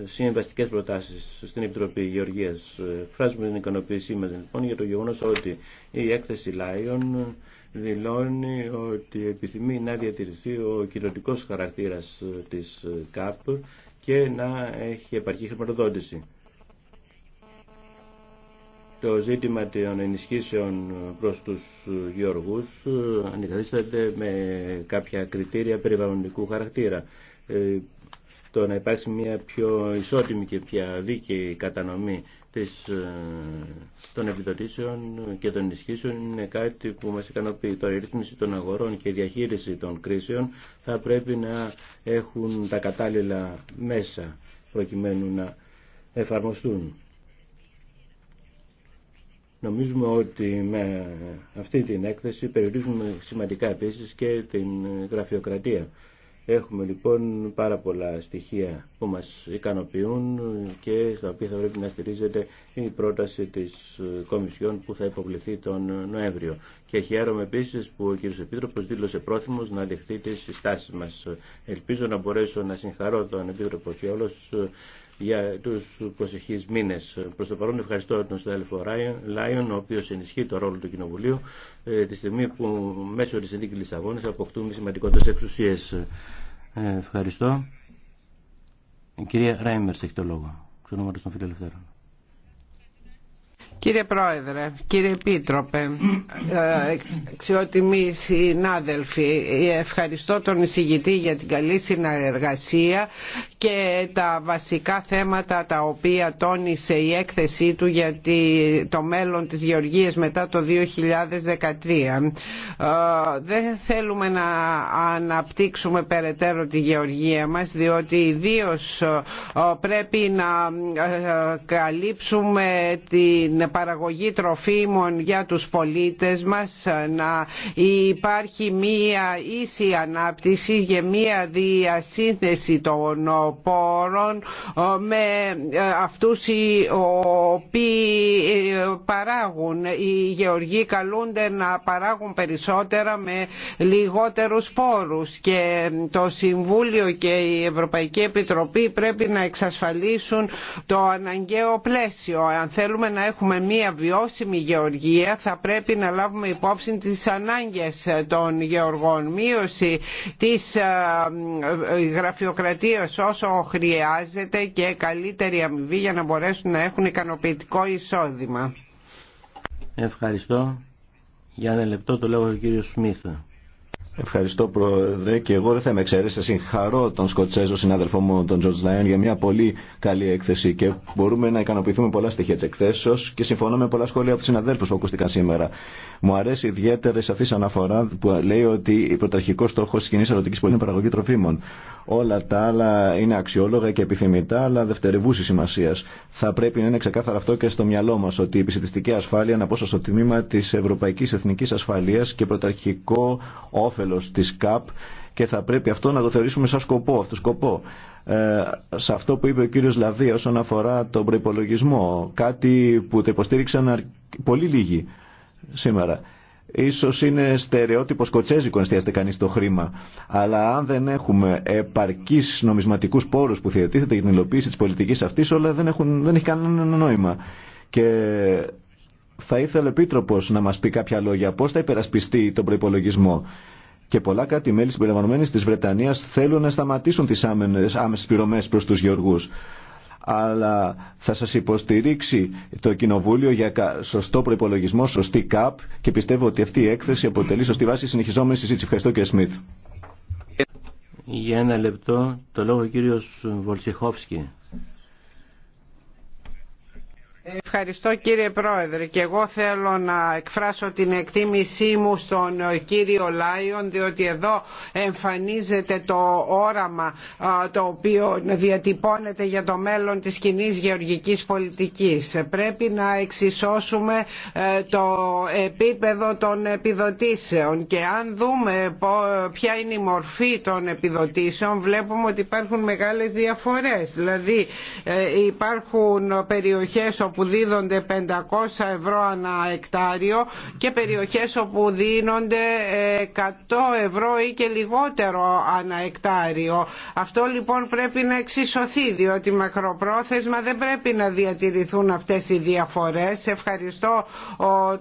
συμβαστικές προτάσεις στην Επιτροπή Γεωργίας. Φράζουμε την ικανοποίησή μας λοιπόν για το γεγονός ότι η έκθεση ΛΑΙΟΝ δηλώνει ότι επιθυμεί να διατηρηθεί ο κοινωτικός χαρακτήρας της ΚΑΠ και να έχει επαρκή χρηματοδότηση το ζήτημα των ενισχύσεων προς τους γεωργούς αντικαθίσταται με κάποια κριτήρια περιβαλλοντικού χαρακτήρα. Ε, το να υπάρξει μια πιο ισότιμη και πια δίκαιη κατανομή της, ε, των επιδοτήσεων και των ενισχύσεων είναι κάτι που μας ικανοποιεί. το η ρύθμιση των αγορών και η διαχείριση των κρίσεων θα πρέπει να έχουν τα κατάλληλα μέσα προκειμένου να εφαρμοστούν. Νομίζουμε ότι με αυτή την έκθεση περιορίζουμε σημαντικά επίσης και την γραφειοκρατία. Έχουμε λοιπόν πάρα πολλά στοιχεία που μας ικανοποιούν και στα οποία θα πρέπει να στηρίζεται η πρόταση της Κομισιόν που θα υποβληθεί τον Νοέμβριο. Και χαίρομαι επίσης που ο κ. Επίτροπος δήλωσε πρόθυμος να δεχτεί τις συστάσεις μας. Ελπίζω να μπορέσω να συγχαρώ τον Επίτροπο και όλους για του προσεχεί μήνε. Προς το παρόν ευχαριστώ τον συνάδελφο Λάιον, ο οποίο ενισχύει το ρόλο του Κοινοβουλίου ε, τη στιγμή που μέσω της συνθήκης Λισαβόνη αποκτούμε σημαντικότερες εξουσίες. Ε, ευχαριστώ. Η κυρία Ραιμερ, έχει το λόγο. Ξενόματο των Φιλελευθέρων. Κύριε Πρόεδρε, κύριε Επίτροπε, ε, αξιότιμοι συνάδελφοι, ευχαριστώ τον εισηγητή για την καλή συνεργασία και τα βασικά θέματα τα οποία τόνισε η έκθεσή του για το μέλλον της γεωργίας μετά το 2013. Ε, δεν θέλουμε να αναπτύξουμε περαιτέρω τη γεωργία μας, διότι ιδίω ε, πρέπει να καλύψουμε την παραγωγή τροφίμων για τους πολίτες μας, να υπάρχει μία ίση ανάπτυξη για μία διασύνθεση των πόρων ε, με ε, αυτούς οι οποίοι ε, παράγουν. Οι γεωργοί καλούνται να παράγουν περισσότερα με λιγότερους πόρους και το Συμβούλιο και η Ευρωπαϊκή Επιτροπή πρέπει να εξασφαλίσουν το αναγκαίο πλαίσιο. Αν θέλουμε να έχουμε μια βιώσιμη γεωργία θα πρέπει να λάβουμε υπόψη τις ανάγκες των γεωργών. Μείωση της ε, ε, γραφειοκρατίας όσο χρειάζεται και καλύτερη αμοιβή για να μπορέσουν να έχουν ικανοποιητικό εισόδημα. Ευχαριστώ. Για ένα λεπτό το λέω ο κύριος Σμίθα. Ευχαριστώ Πρόεδρε και εγώ δεν θα με εξαίρεσα. Συγχαρώ τον Σκοτσέζο συνάδελφό μου τον Τζορτζ Λάιον για μια πολύ καλή έκθεση και μπορούμε να ικανοποιηθούμε πολλά στοιχεία τη εκθέσεω και συμφωνώ με πολλά σχόλια από του συναδέλφου που ακούστηκαν σήμερα. Μου αρέσει ιδιαίτερα η σαφή αναφορά που λέει ότι η πρωταρχικό στόχο τη κοινή ερωτική πολιτική είναι παραγωγή τροφίμων. Όλα τα άλλα είναι αξιόλογα και επιθυμητά, αλλά δευτερευούση σημασία. Θα πρέπει να είναι ξεκάθαρο αυτό και στο μυαλό μα ότι η επιστημιστική ασφάλεια είναι απόσταση στο τμήμα τη ευρωπαϊκή εθνική ασφαλεία και πρωταρχικό όφελο όφελος της ΚΑΠ και θα πρέπει αυτό να το θεωρήσουμε σαν σκοπό, αυτό σκοπό. Ε, σε αυτό που είπε ο κύριο Λαβία όσον αφορά τον προπολογισμό, κάτι που το υποστήριξαν πολύ λίγοι σήμερα. Σω είναι στερεότυπο σκοτσέζικο να εστιάζεται κανείς το χρήμα, αλλά αν δεν έχουμε επαρκείς νομισματικού πόρου που θετήθεται για την υλοποίηση τη πολιτική αυτή, όλα δεν, έχουν, δεν έχει κανένα νόημα. Και θα ήθελε ο Επίτροπος να μα πει κάποια λόγια πώ θα υπερασπιστεί τον προπολογισμό. Και πολλά κράτη-μέλη συμπεριλαμβανομένη τη Βρετανία θέλουν να σταματήσουν τι άμεσε πληρωμέ προ του γεωργού αλλά θα σα υποστηρίξει το Κοινοβούλιο για σωστό προπολογισμό, σωστή ΚΑΠ και πιστεύω ότι αυτή η έκθεση αποτελεί σωστή βάση συνεχιζόμενη συζήτηση. Ευχαριστώ και Σμιθ. Για ένα λεπτό το λόγο κύριος Ευχαριστώ κύριε Πρόεδρε και εγώ θέλω να εκφράσω την εκτίμησή μου στον ε, κύριο Λάιον διότι εδώ εμφανίζεται το όραμα το οποίο διατυπώνεται για το μέλλον της κοινή γεωργικής πολιτικής. Πρέπει να εξισώσουμε ε, το επίπεδο των επιδοτήσεων και αν δούμε ποια είναι η μορφή των επιδοτήσεων βλέπουμε ότι υπάρχουν μεγάλες διαφορές. Δηλαδή ε, υπάρχουν περιοχές που δίδονται 500 ευρώ ανά εκτάριο και περιοχές όπου δίνονται 100 ε, ευρώ ή και λιγότερο ανά εκτάριο. Αυτό λοιπόν πρέπει να εξισωθεί διότι μακροπρόθεσμα δεν πρέπει να διατηρηθούν αυτές οι διαφορές. Ευχαριστώ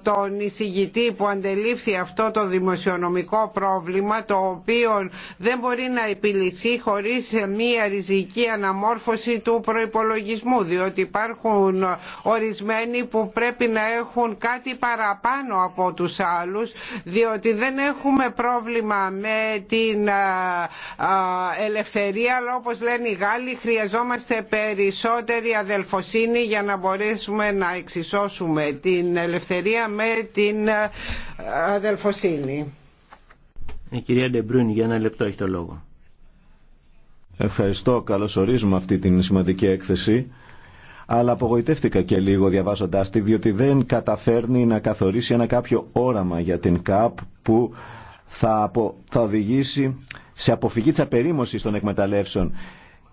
τον εισηγητή που αντελήφθη αυτό το δημοσιονομικό πρόβλημα το οποίο δεν μπορεί να επιληθεί χωρίς μία ριζική αναμόρφωση του προϋπολογισμού διότι υπάρχουν ορισμένοι που πρέπει να έχουν κάτι παραπάνω από τους άλλους διότι δεν έχουμε πρόβλημα με την ελευθερία αλλά όπως λένε οι Γάλλοι χρειαζόμαστε περισσότερη αδελφοσύνη για να μπορέσουμε να εξισώσουμε την ελευθερία με την αδελφοσύνη. Η κυρία Ντεμπρούν για ένα λεπτό έχει το λόγο. Ευχαριστώ. Καλωσορίζουμε αυτή την σημαντική έκθεση αλλά απογοητεύτηκα και λίγο διαβάζοντάς τη, διότι δεν καταφέρνει να καθορίσει ένα κάποιο όραμα για την ΚΑΠ που θα, θα οδηγήσει σε αποφυγή της απερίμωσης των εκμεταλλεύσεων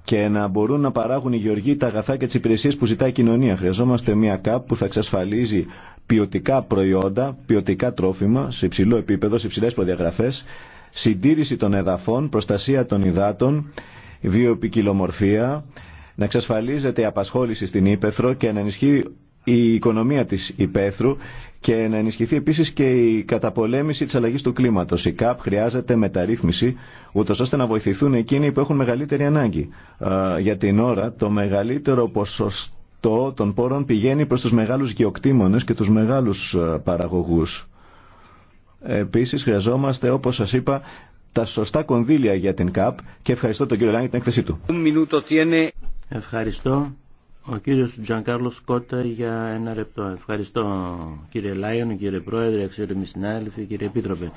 και να μπορούν να παράγουν οι γεωργοί τα αγαθά και τις υπηρεσίες που ζητάει η κοινωνία. Χρειαζόμαστε μια ΚΑΠ που θα εξασφαλίζει ποιοτικά προϊόντα, ποιοτικά τρόφιμα, σε υψηλό επίπεδο, σε υψηλές προδιαγραφές, συντήρηση των εδαφών, προστασία των υδάτων, βιοπικιλομορφία, να εξασφαλίζεται η απασχόληση στην Ήπεθρο και να ενισχύει η οικονομία της Ήπεθρου και να ενισχυθεί επίσης και η καταπολέμηση της αλλαγής του κλίματος. Η ΚΑΠ χρειάζεται μεταρρύθμιση ούτω ώστε να βοηθηθούν εκείνοι που έχουν μεγαλύτερη ανάγκη. για την ώρα το μεγαλύτερο ποσοστό των πόρων πηγαίνει προς τους μεγάλους γεωκτήμονες και τους μεγάλους παραγωγούς. Επίσης χρειαζόμαστε όπως σας είπα τα σωστά κονδύλια για την ΚΑΠ και ευχαριστώ τον κύριο Λάγκη την έκθεσή του. Ευχαριστώ. Ο κύριος Τζανκάρλο Σκότα για ένα λεπτό. Ευχαριστώ κύριε Λάιον, κύριε Πρόεδρε, εξαιρετικοί συνάδελφοι, κύριε Επίτροπε.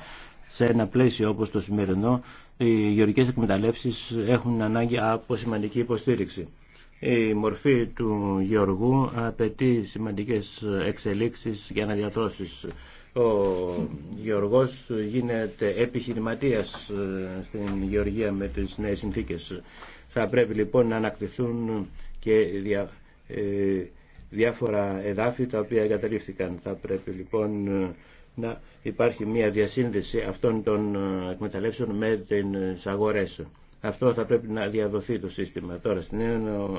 Σε ένα πλαίσιο όπως το σημερινό, οι γεωργικές εκμεταλλεύσεις έχουν ανάγκη από σημαντική υποστήριξη. Η μορφή του γεωργού απαιτεί σημαντικές εξελίξεις να αναδιαθρώσεις. Ο γεωργός γίνεται επιχειρηματίας ε, στην γεωργία με τις νέες συνθήκες. Θα πρέπει λοιπόν να ανακτηθούν και δια, ε, διάφορα εδάφη τα οποία εγκαταλείφθηκαν. Θα πρέπει λοιπόν ε, να υπάρχει μια διασύνδεση αυτών των ε, εκμεταλλεύσεων με τις αγορές. Αυτό θα πρέπει να διαδοθεί το σύστημα. Τώρα, στην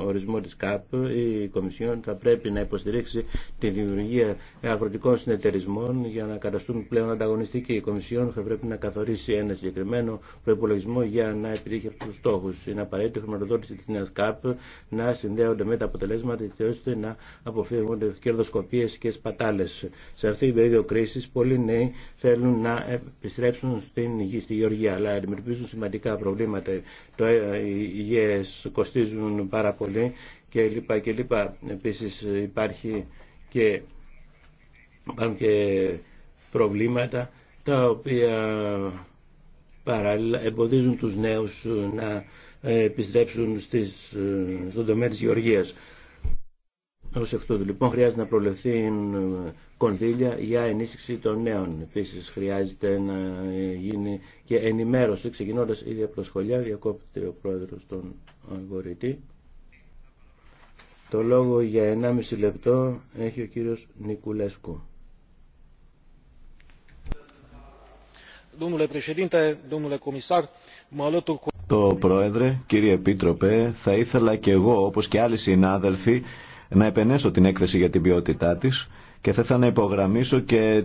ορισμό της ΚΑΠ, η Κομισιόν θα πρέπει να υποστηρίξει τη δημιουργία αγροτικών συνεταιρισμών για να καταστούν πλέον ανταγωνιστικοί. Η Κομισιόν θα πρέπει να καθορίσει ένα συγκεκριμένο προπολογισμό για να επιτύχει αυτού του στόχου. Είναι απαραίτητο η χρηματοδότηση τη νέα ΚΑΠ να συνδέονται με τα αποτελέσματα ώστε να αποφύγονται κερδοσκοπίε και σπατάλε. Σε αυτή την περίοδο κρίση, πολλοί νέοι θέλουν να επιστρέψουν στην γη, στη Γεωργία, αλλά αντιμετωπίζουν σημαντικά προβλήματα το ε, υγιές κοστίζουν πάρα πολύ και λοιπά και λοιπά. Επίσης υπάρχει και, υπάρχουν και προβλήματα τα οποία παράλληλα εμποδίζουν τους νέους να ε, επιστρέψουν στις, ε, στον τομέα της γεωργίας. Ως εκ λοιπόν χρειάζεται να προλευθεί κονδύλια για ενίσχυση των νέων. Επίσης χρειάζεται να γίνει και ενημέρωση ξεκινώντα ήδη από τα διακόπτει ο πρόεδρος τον αγορητή. Το λόγο για 1,5 λεπτό έχει ο κύριος Νικουλέσκου. Το Πρόεδρε, κύριε Επίτροπε, θα ήθελα και εγώ, όπως και άλλοι συνάδελφοι, να επενέσω την έκθεση για την ποιότητά της και θα ήθελα να υπογραμμίσω και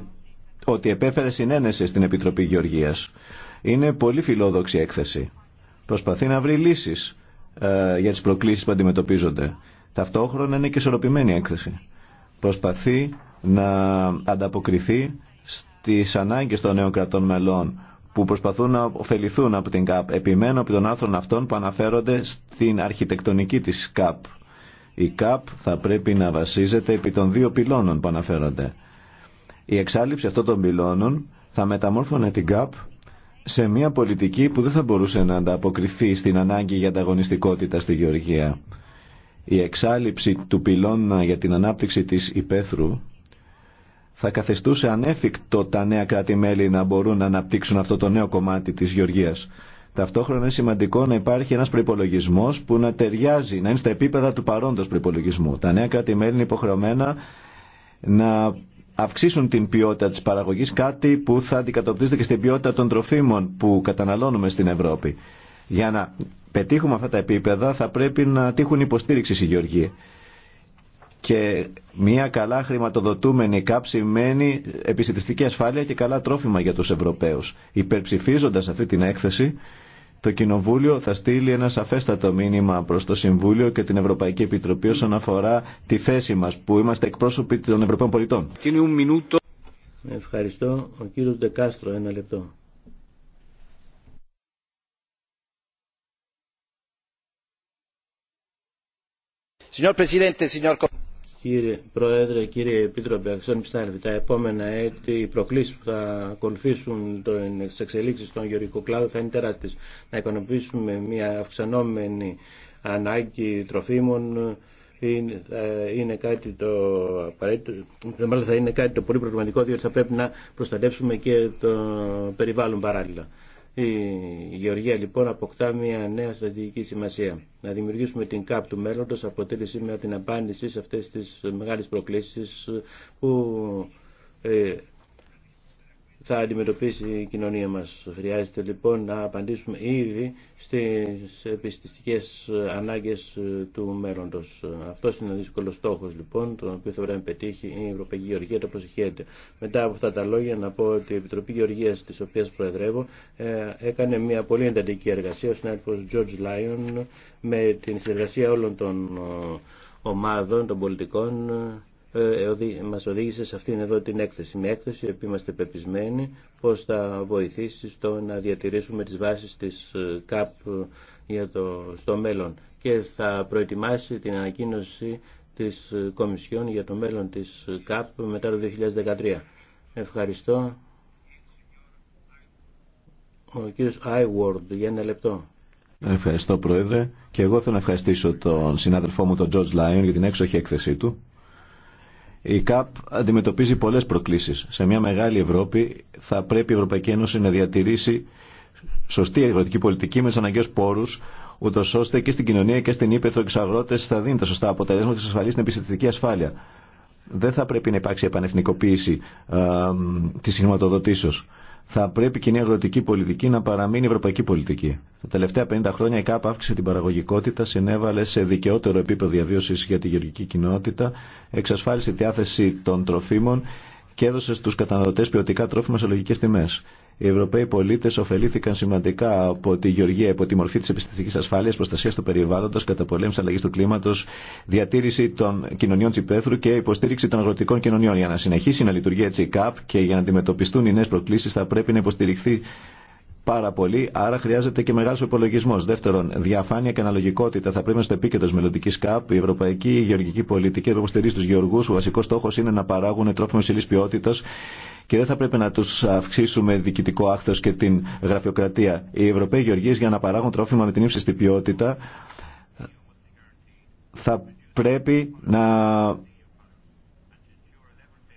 ότι επέφερε συνένεση στην Επιτροπή Γεωργίας. Είναι πολύ φιλόδοξη έκθεση. Προσπαθεί να βρει λύσεις ε, για τις προκλήσεις που αντιμετωπίζονται. Ταυτόχρονα είναι και ισορροπημένη έκθεση. Προσπαθεί να ανταποκριθεί στις ανάγκες των νέων κρατών μελών που προσπαθούν να ωφεληθούν από την ΚΑΠ. Επιμένω από τον άρθρο αυτών που αναφέρονται στην αρχιτεκτονική της ΚΑΠ η ΚΑΠ θα πρέπει να βασίζεται επί των δύο πυλώνων που αναφέρονται. Η εξάλληψη αυτών των πυλώνων θα μεταμόρφωνε την ΚΑΠ σε μια πολιτική που δεν θα μπορούσε να ανταποκριθεί στην ανάγκη για ανταγωνιστικότητα στη Γεωργία. Η εξάλληψη του πυλώνα για την ανάπτυξη της υπαίθρου θα καθεστούσε ανέφικτο τα νέα κράτη-μέλη να μπορούν να αναπτύξουν αυτό το νέο κομμάτι της Γεωργίας. Ταυτόχρονα είναι σημαντικό να υπάρχει ένα προπολογισμό που να ταιριάζει, να είναι στα επίπεδα του παρόντο προπολογισμού. Τα νέα κράτη-μέλη είναι υποχρεωμένα να αυξήσουν την ποιότητα της παραγωγής, κάτι που θα αντικατοπτρίζεται και στην ποιότητα των τροφίμων που καταναλώνουμε στην Ευρώπη. Για να πετύχουμε αυτά τα επίπεδα θα πρέπει να τύχουν υποστήριξη οι και μια καλά χρηματοδοτούμενη κάψιμενη μένει επιστημιστική ασφάλεια και καλά τρόφιμα για τους Ευρωπαίους. Υπερψηφίζοντας αυτή την έκθεση, το Κοινοβούλιο θα στείλει ένα σαφέστατο μήνυμα προς το Συμβούλιο και την Ευρωπαϊκή Επιτροπή όσον αφορά τη θέση μας που είμαστε εκπρόσωποι των Ευρωπαίων πολιτών. Ευχαριστώ. Ο κύριος Ντεκάστρο, ένα λεπτό. Κύριε Πρόεδρε, κύριε Επίτροπε, αξιών Πιστάρδη, τα επόμενα έτη οι προκλήσει που θα ακολουθήσουν τι εξελίξει στον γεωργικό κλάδο θα είναι τεράστιε. Να ικανοποιήσουμε μια αυξανόμενη ανάγκη τροφίμων είναι ε, κάτι το απαραίτητο, θα είναι κάτι το πολύ προβληματικό, διότι θα πρέπει να προστατεύσουμε και το περιβάλλον παράλληλα. Η Γεωργία λοιπόν αποκτά μια νέα στρατηγική σημασία. Να δημιουργήσουμε την ΚΑΠ του μέλλοντος αποτελεί σήμερα την απάντηση σε αυτές τις μεγάλες προκλήσεις που ε, θα αντιμετωπίσει η κοινωνία μας. Χρειάζεται λοιπόν να απαντήσουμε ήδη στις επιστηστικές ανάγκες του μέλλοντος. Αυτός είναι ο δύσκολος στόχος λοιπόν, τον οποίο θα πρέπει να πετύχει η Ευρωπαϊκή Γεωργία, το προσεχέται. Μετά από αυτά τα λόγια να πω ότι η Επιτροπή Γεωργίας της οποίας προεδρεύω ε, έκανε μια πολύ εντατική εργασία, ο συνάδελφος George Lyon με την συνεργασία όλων των ομάδων, των πολιτικών ε, μας οδήγησε σε αυτήν εδώ την έκθεση. με έκθεση που είμαστε πεπισμένοι πως θα βοηθήσει στο να διατηρήσουμε τις βάσεις της ε, ΚΑΠ ε, για το, στο μέλλον και θα προετοιμάσει την ανακοίνωση της Κομισιόν για το μέλλον της ΚΑΠ μετά το 2013. Ευχαριστώ. Ο κύριος Άιουόρντ για ένα λεπτό. Ευχαριστώ Πρόεδρε και εγώ θέλω να ευχαριστήσω τον συνάδελφό μου τον George Λάιον για την έξοχη έκθεσή του η ΚΑΠ αντιμετωπίζει πολλές προκλήσεις. Σε μια μεγάλη Ευρώπη θα πρέπει η Ευρωπαϊκή Ένωση να διατηρήσει σωστή αγροτική πολιτική με τους αναγκαίους πόρου, ούτω ώστε και στην κοινωνία και στην ύπεθρο και στους αγρότες θα δίνουν τα σωστά αποτελέσματα της ασφαλής στην επιστημική ασφάλεια. Δεν θα πρέπει να υπάρξει επανεθνικοποίηση της συγχρηματοδοτήσεω θα πρέπει η κοινή αγροτική πολιτική να παραμείνει ευρωπαϊκή πολιτική. Τα τελευταία 50 χρόνια η ΚΑΠ αύξησε την παραγωγικότητα, συνέβαλε σε δικαιότερο επίπεδο διαβίωση για τη γεωργική κοινότητα, εξασφάλισε τη διάθεση των τροφίμων και έδωσε στου καταναλωτέ ποιοτικά τρόφιμα σε λογικέ τιμέ. Οι Ευρωπαίοι πολίτε ωφελήθηκαν σημαντικά από τη γεωργία από τη μορφή τη επιστημική ασφάλεια, προστασία του περιβάλλοντο, καταπολέμηση αλλαγή του κλίματο, διατήρηση των κοινωνιών τη και υποστήριξη των αγροτικών κοινωνιών. Για να συνεχίσει να λειτουργεί έτσι η ΚΑΠ και για να αντιμετωπιστούν οι νέε προκλήσει, θα πρέπει να υποστηριχθεί πάρα πολύ, άρα χρειάζεται και μεγάλο υπολογισμό. Δεύτερον, διαφάνεια και αναλογικότητα θα πρέπει να στο επίκεντρο μελλοντική ΚΑΠ. Η ευρωπαϊκή γεωργική πολιτική υποστηρίζει του γεωργού. Ο βασικό στόχο είναι να παράγουν τρόφιμα υψηλή ποιότητα και δεν θα πρέπει να του αυξήσουμε διοικητικό άχθο και την γραφειοκρατία. Οι Ευρωπαίοι Γεωργίε για να παράγουν τρόφιμα με την ύψιστη ποιότητα θα πρέπει να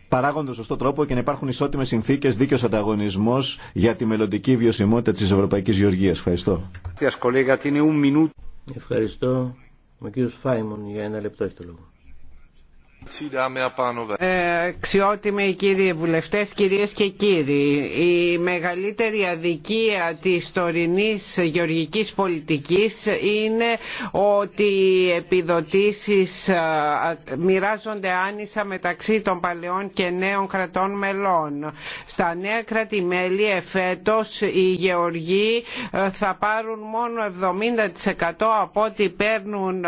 παράγουν τον σωστό τρόπο και να υπάρχουν ισότιμε συνθήκε, δίκαιο ανταγωνισμό για τη μελλοντική βιωσιμότητα τη Ευρωπαϊκή Γεωργία. Ευχαριστώ. Ευχαριστώ. Ο Φάιμον για ένα λεπτό έχει οι κύριοι βουλευτές, κυρίες και κύριοι, η μεγαλύτερη αδικία της τωρινής γεωργικής πολιτικής είναι ότι οι επιδοτήσεις μοιράζονται άνισα μεταξύ των παλαιών και νέων κρατών μελών. Στα νέα κράτη-μέλη εφέτος οι γεωργοί θα πάρουν μόνο 70% από ό,τι παίρνουν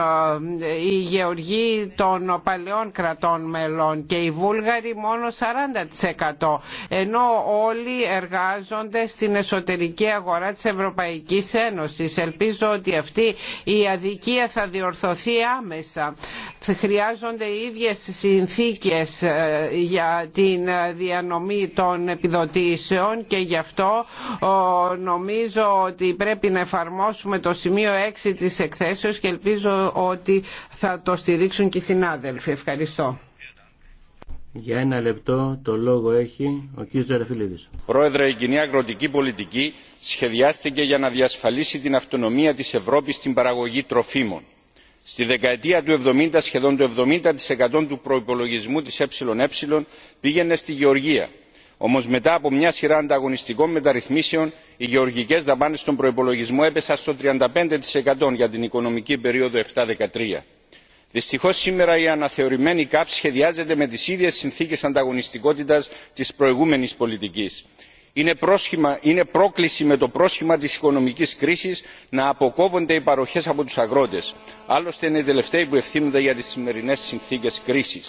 οι γεωργοί των παλαιών κρατών κρατών μελών και οι Βούλγαροι μόνο 40% ενώ όλοι εργάζονται στην εσωτερική αγορά της Ευρωπαϊκής Ένωσης. Ελπίζω ότι αυτή η αδικία θα διορθωθεί άμεσα. Χρειάζονται οι ίδιες συνθήκες ε, για την διανομή των επιδοτήσεων και γι' αυτό νομίζω ότι πρέπει να εφαρμόσουμε το σημείο 6 της εκθέσεως και ελπίζω ότι θα το στηρίξουν και οι συνάδελφοι. Ευχαριστώ. Ευχαριστώ. Για ένα λεπτό το λόγο έχει ο κ. Ζαραφιλίδης. Πρόεδρε, η κοινή αγροτική πολιτική σχεδιάστηκε για να διασφαλίσει την αυτονομία της Ευρώπης στην παραγωγή τροφίμων. Στη δεκαετία του 70 σχεδόν το 70% του προπολογισμού της ΕΕ πήγαινε στη γεωργία. Όμως μετά από μια σειρά ανταγωνιστικών μεταρρυθμίσεων οι γεωργικές δαπάνες στον προϋπολογισμό έπεσαν στο 35% για την οικονομική περίοδο 7-13 δυστυχώ σήμερα η αναθεωρημένη καπ σχεδιάζεται με τι ίδιε συνθήκε ανταγωνιστικότητα τη προηγούμενη πολιτική. είναι πρόκληση με το πρόσχημα τη οικονομική κρίση να αποκόβονται οι παροχέ από του αγρότε άλλωστε είναι οι τελευταίοι που ευθύνονται για τι σημερινέ συνθήκε κρίση.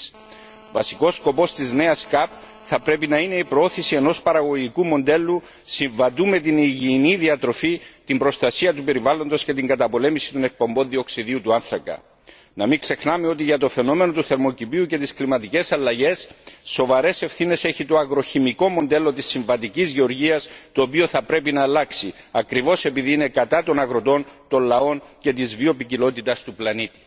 βασικό σκοπό τη νέα καπ θα πρέπει να είναι η προώθηση ενό παραγωγικού μοντέλου συμβατού με την υγιεινή διατροφή την προστασία του περιβάλλοντο και την καταπολέμηση των εκπομπών διοξιδίου του άνθρακα να μην ξεχνάμε ότι για το φαινόμενο του θερμοκηπίου και τις κλιματικές αλλαγές σοβαρές ευθύνες έχει το αγροχημικό μοντέλο της συμβατικής γεωργίας το οποίο θα πρέπει να αλλάξει ακριβώς επειδή είναι κατά των αγροτών των λαών και της βιοποικιλότητας του πλανήτη.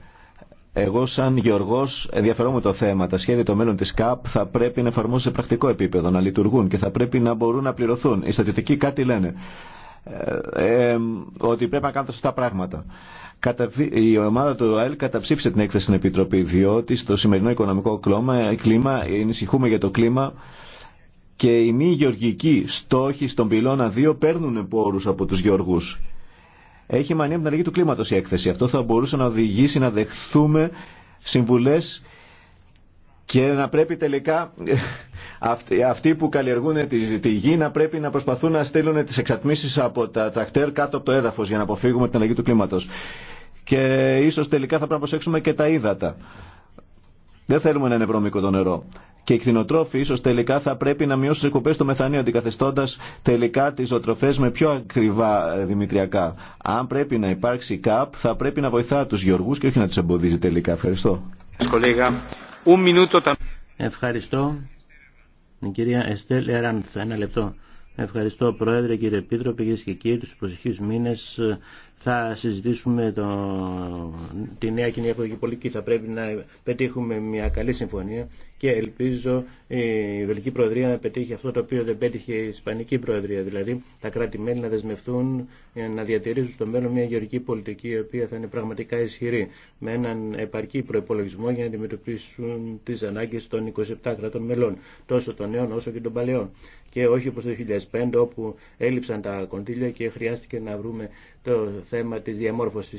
Εγώ σαν Γεωργός ενδιαφερόμαι το θέμα. Τα σχέδια των μέλλον της ΚΑΠ θα πρέπει να εφαρμόσουν σε πρακτικό επίπεδο, να λειτουργούν και θα πρέπει να μπορούν να πληρωθούν. Οι στατιωτικοί κάτι λένε. Ε, ε, ε, ότι πρέπει να κάνουν τα σωστά πράγματα. Η ομάδα του ΑΕΛ καταψήφισε την έκθεση στην Επιτροπή, διότι στο σημερινό οικονομικό κλώμα, ε, κλίμα, ενησυχούμε για το κλίμα και οι μη γεωργικοί στόχοι στον πυλώνα 2 παίρνουν πόρους από τους γεωργούς έχει μανία με την αλλαγή του κλίματο η έκθεση. Αυτό θα μπορούσε να οδηγήσει να δεχθούμε συμβουλέ και να πρέπει τελικά αυτοί που καλλιεργούν τη γη να πρέπει να προσπαθούν να στείλουν τι εξατμίσει από τα τρακτέρ κάτω από το έδαφο για να αποφύγουμε την αλλαγή του κλίματο. Και ίσω τελικά θα πρέπει να προσέξουμε και τα ύδατα. Δεν θέλουμε να είναι βρώμικο το νερό. Και οι κτηνοτρόφοι ίσω τελικά θα πρέπει να μειώσουν τι εκπομπέ στο μεθανείο αντικαθιστώντα τελικά τι ζωοτροφέ με πιο ακριβά ε, δημητριακά. Αν πρέπει να υπάρξει ΚΑΠ, θα πρέπει να βοηθά του γεωργού και όχι να του εμποδίζει τελικά. Ευχαριστώ. Ευχαριστώ. Η κυρία λεπτό. Ευχαριστώ Πρόεδρε, κύριε Επίτροπε, και κύριοι. Του προσεχεί μήνε θα συζητήσουμε το, τη νέα κοινή πολιτική. Θα πρέπει να πετύχουμε μια καλή συμφωνία και ελπίζω η Βελική Προεδρία να πετύχει αυτό το οποίο δεν πέτυχε η Ισπανική Προεδρία, δηλαδή τα κράτη-μέλη να δεσμευτούν ε, να διατηρήσουν στο μέλλον μια γεωργική πολιτική η οποία θα είναι πραγματικά ισχυρή με έναν επαρκή προπολογισμό για να αντιμετωπίσουν τι ανάγκε των 27 κρατών μελών, τόσο των νέων όσο και των παλαιών. Και όχι όπω το 2005 όπου έλειψαν τα κονδύλια και χρειάστηκε να βρούμε το θέμα τη διαμόρφωση.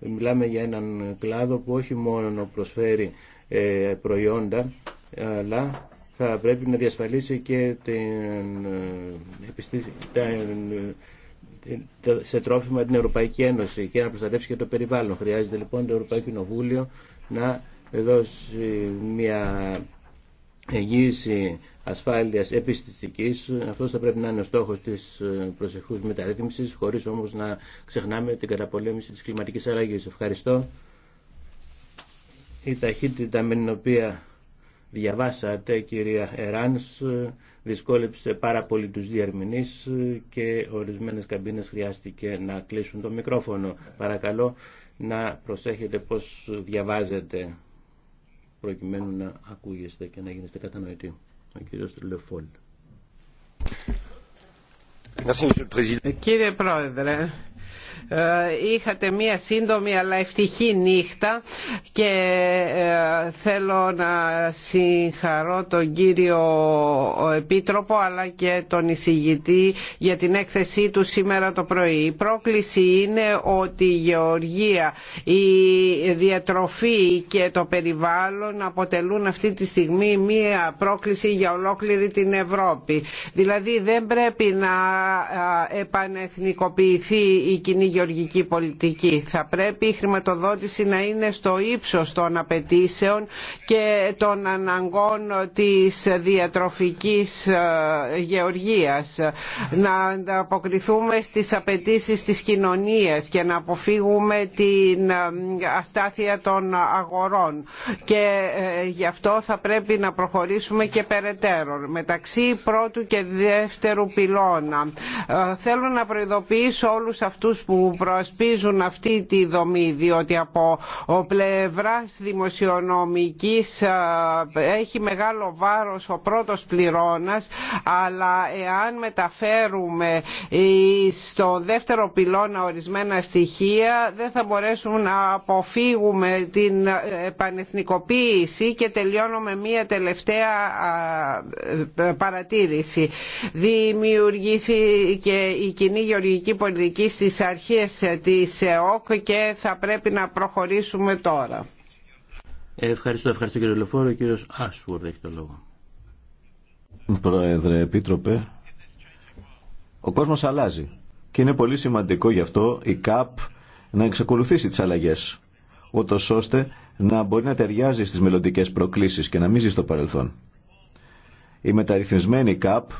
Ε, μιλάμε για έναν κλάδο που όχι μόνο προσφέρει ε, προϊόντα, αλλά θα πρέπει να διασφαλίσει και την, ε, ε, σε τρόφιμα την Ευρωπαϊκή Ένωση και να προστατεύσει και το περιβάλλον. Χρειάζεται λοιπόν το Ευρωπαϊκό Κοινοβούλιο να δώσει μια εγγύηση ασφάλειας επιστηστικής. Αυτός θα πρέπει να είναι ο στόχος της προσεχούς μεταρρύθμισης, χωρίς όμως να ξεχνάμε την καταπολέμηση της κλιματικής αλλαγής. Ευχαριστώ η ταχύτητα με την οποία διαβάσατε κυρία Εράνς δυσκόλεψε πάρα πολύ τους διερμηνείς και ορισμένες καμπίνες χρειάστηκε να κλείσουν το μικρόφωνο. Παρακαλώ να προσέχετε πώς διαβάζετε προκειμένου να ακούγεστε και να γίνεστε κατανοητοί. Ο κύριος Λεφόλ. Ε, κύριε Πρόεδρε, ε, είχατε μία σύντομη αλλά ευτυχή νύχτα και ε, θέλω να συγχαρώ τον κύριο Επίτροπο αλλά και τον εισηγητή για την έκθεσή του σήμερα το πρωί. Η πρόκληση είναι ότι η γεωργία, η διατροφή και το περιβάλλον αποτελούν αυτή τη στιγμή μία πρόκληση για ολόκληρη την Ευρώπη. Δηλαδή δεν πρέπει να ε, επανεθνικοποιηθεί η κοινή γεωργική πολιτική. Θα πρέπει η χρηματοδότηση να είναι στο ύψος των απαιτήσεων και των αναγκών της διατροφικής ε, γεωργίας. Να ανταποκριθούμε στις απαιτήσει της κοινωνίας και να αποφύγουμε την ε, αστάθεια των αγορών. Και ε, γι' αυτό θα πρέπει να προχωρήσουμε και περαιτέρω. Μεταξύ πρώτου και δεύτερου πυλώνα. Θέλω να προειδοποιήσω όλους αυτού που προσπίζουν αυτή τη δομή διότι από ο πλευράς δημοσιονομικής έχει μεγάλο βάρος ο πρώτος πληρώνας αλλά εάν μεταφέρουμε στο δεύτερο πυλώνα ορισμένα στοιχεία δεν θα μπορέσουμε να αποφύγουμε την επανεθνικοποίηση και τελειώνω με μία τελευταία παρατήρηση. Δημιουργήθηκε η κοινή γεωργική πολιτική στις αρχές της ΕΟΚ και θα πρέπει να προχωρήσουμε τώρα. Ευχαριστώ, ευχαριστώ κύριε Λεφόρο. Ο κύριος Άσουρ έχει το λόγο. Πρόεδρε, Επίτροπε, ο κόσμος αλλάζει και είναι πολύ σημαντικό γι' αυτό η ΚΑΠ να εξακολουθήσει τις αλλαγές, ούτω ώστε να μπορεί να ταιριάζει στις μελλοντικέ προκλήσεις και να μην ζει στο παρελθόν. Η μεταρρυθμισμένη ΚΑΠ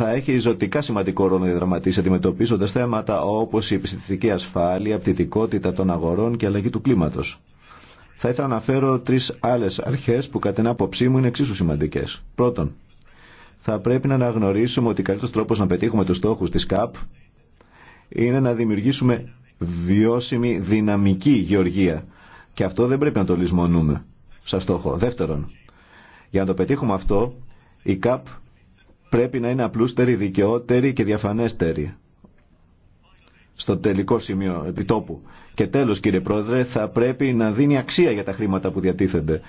θα έχει ζωτικά σημαντικό ρόλο να διαδραματίσει αντιμετωπίζοντα θέματα όπω η επιστημική ασφάλεια, η πτυτικότητα των αγορών και η αλλαγή του κλίματο. Θα ήθελα να αναφέρω τρει άλλε αρχέ που κατά την άποψή μου είναι εξίσου σημαντικέ. Πρώτον, θα πρέπει να αναγνωρίσουμε ότι ο καλύτερο τρόπο να πετύχουμε του στόχου τη ΚΑΠ είναι να δημιουργήσουμε βιώσιμη δυναμική γεωργία. Και αυτό δεν πρέπει να το λησμονούμε σαν στόχο. Δεύτερον, για να το πετύχουμε αυτό, η ΚΑΠ πρέπει να είναι απλούστερη, δικαιότερη και διαφανέστερη στο τελικό σημείο επιτόπου. Και τέλος κύριε Πρόεδρε θα πρέπει να δίνει αξία για τα χρήματα που διατίθενται.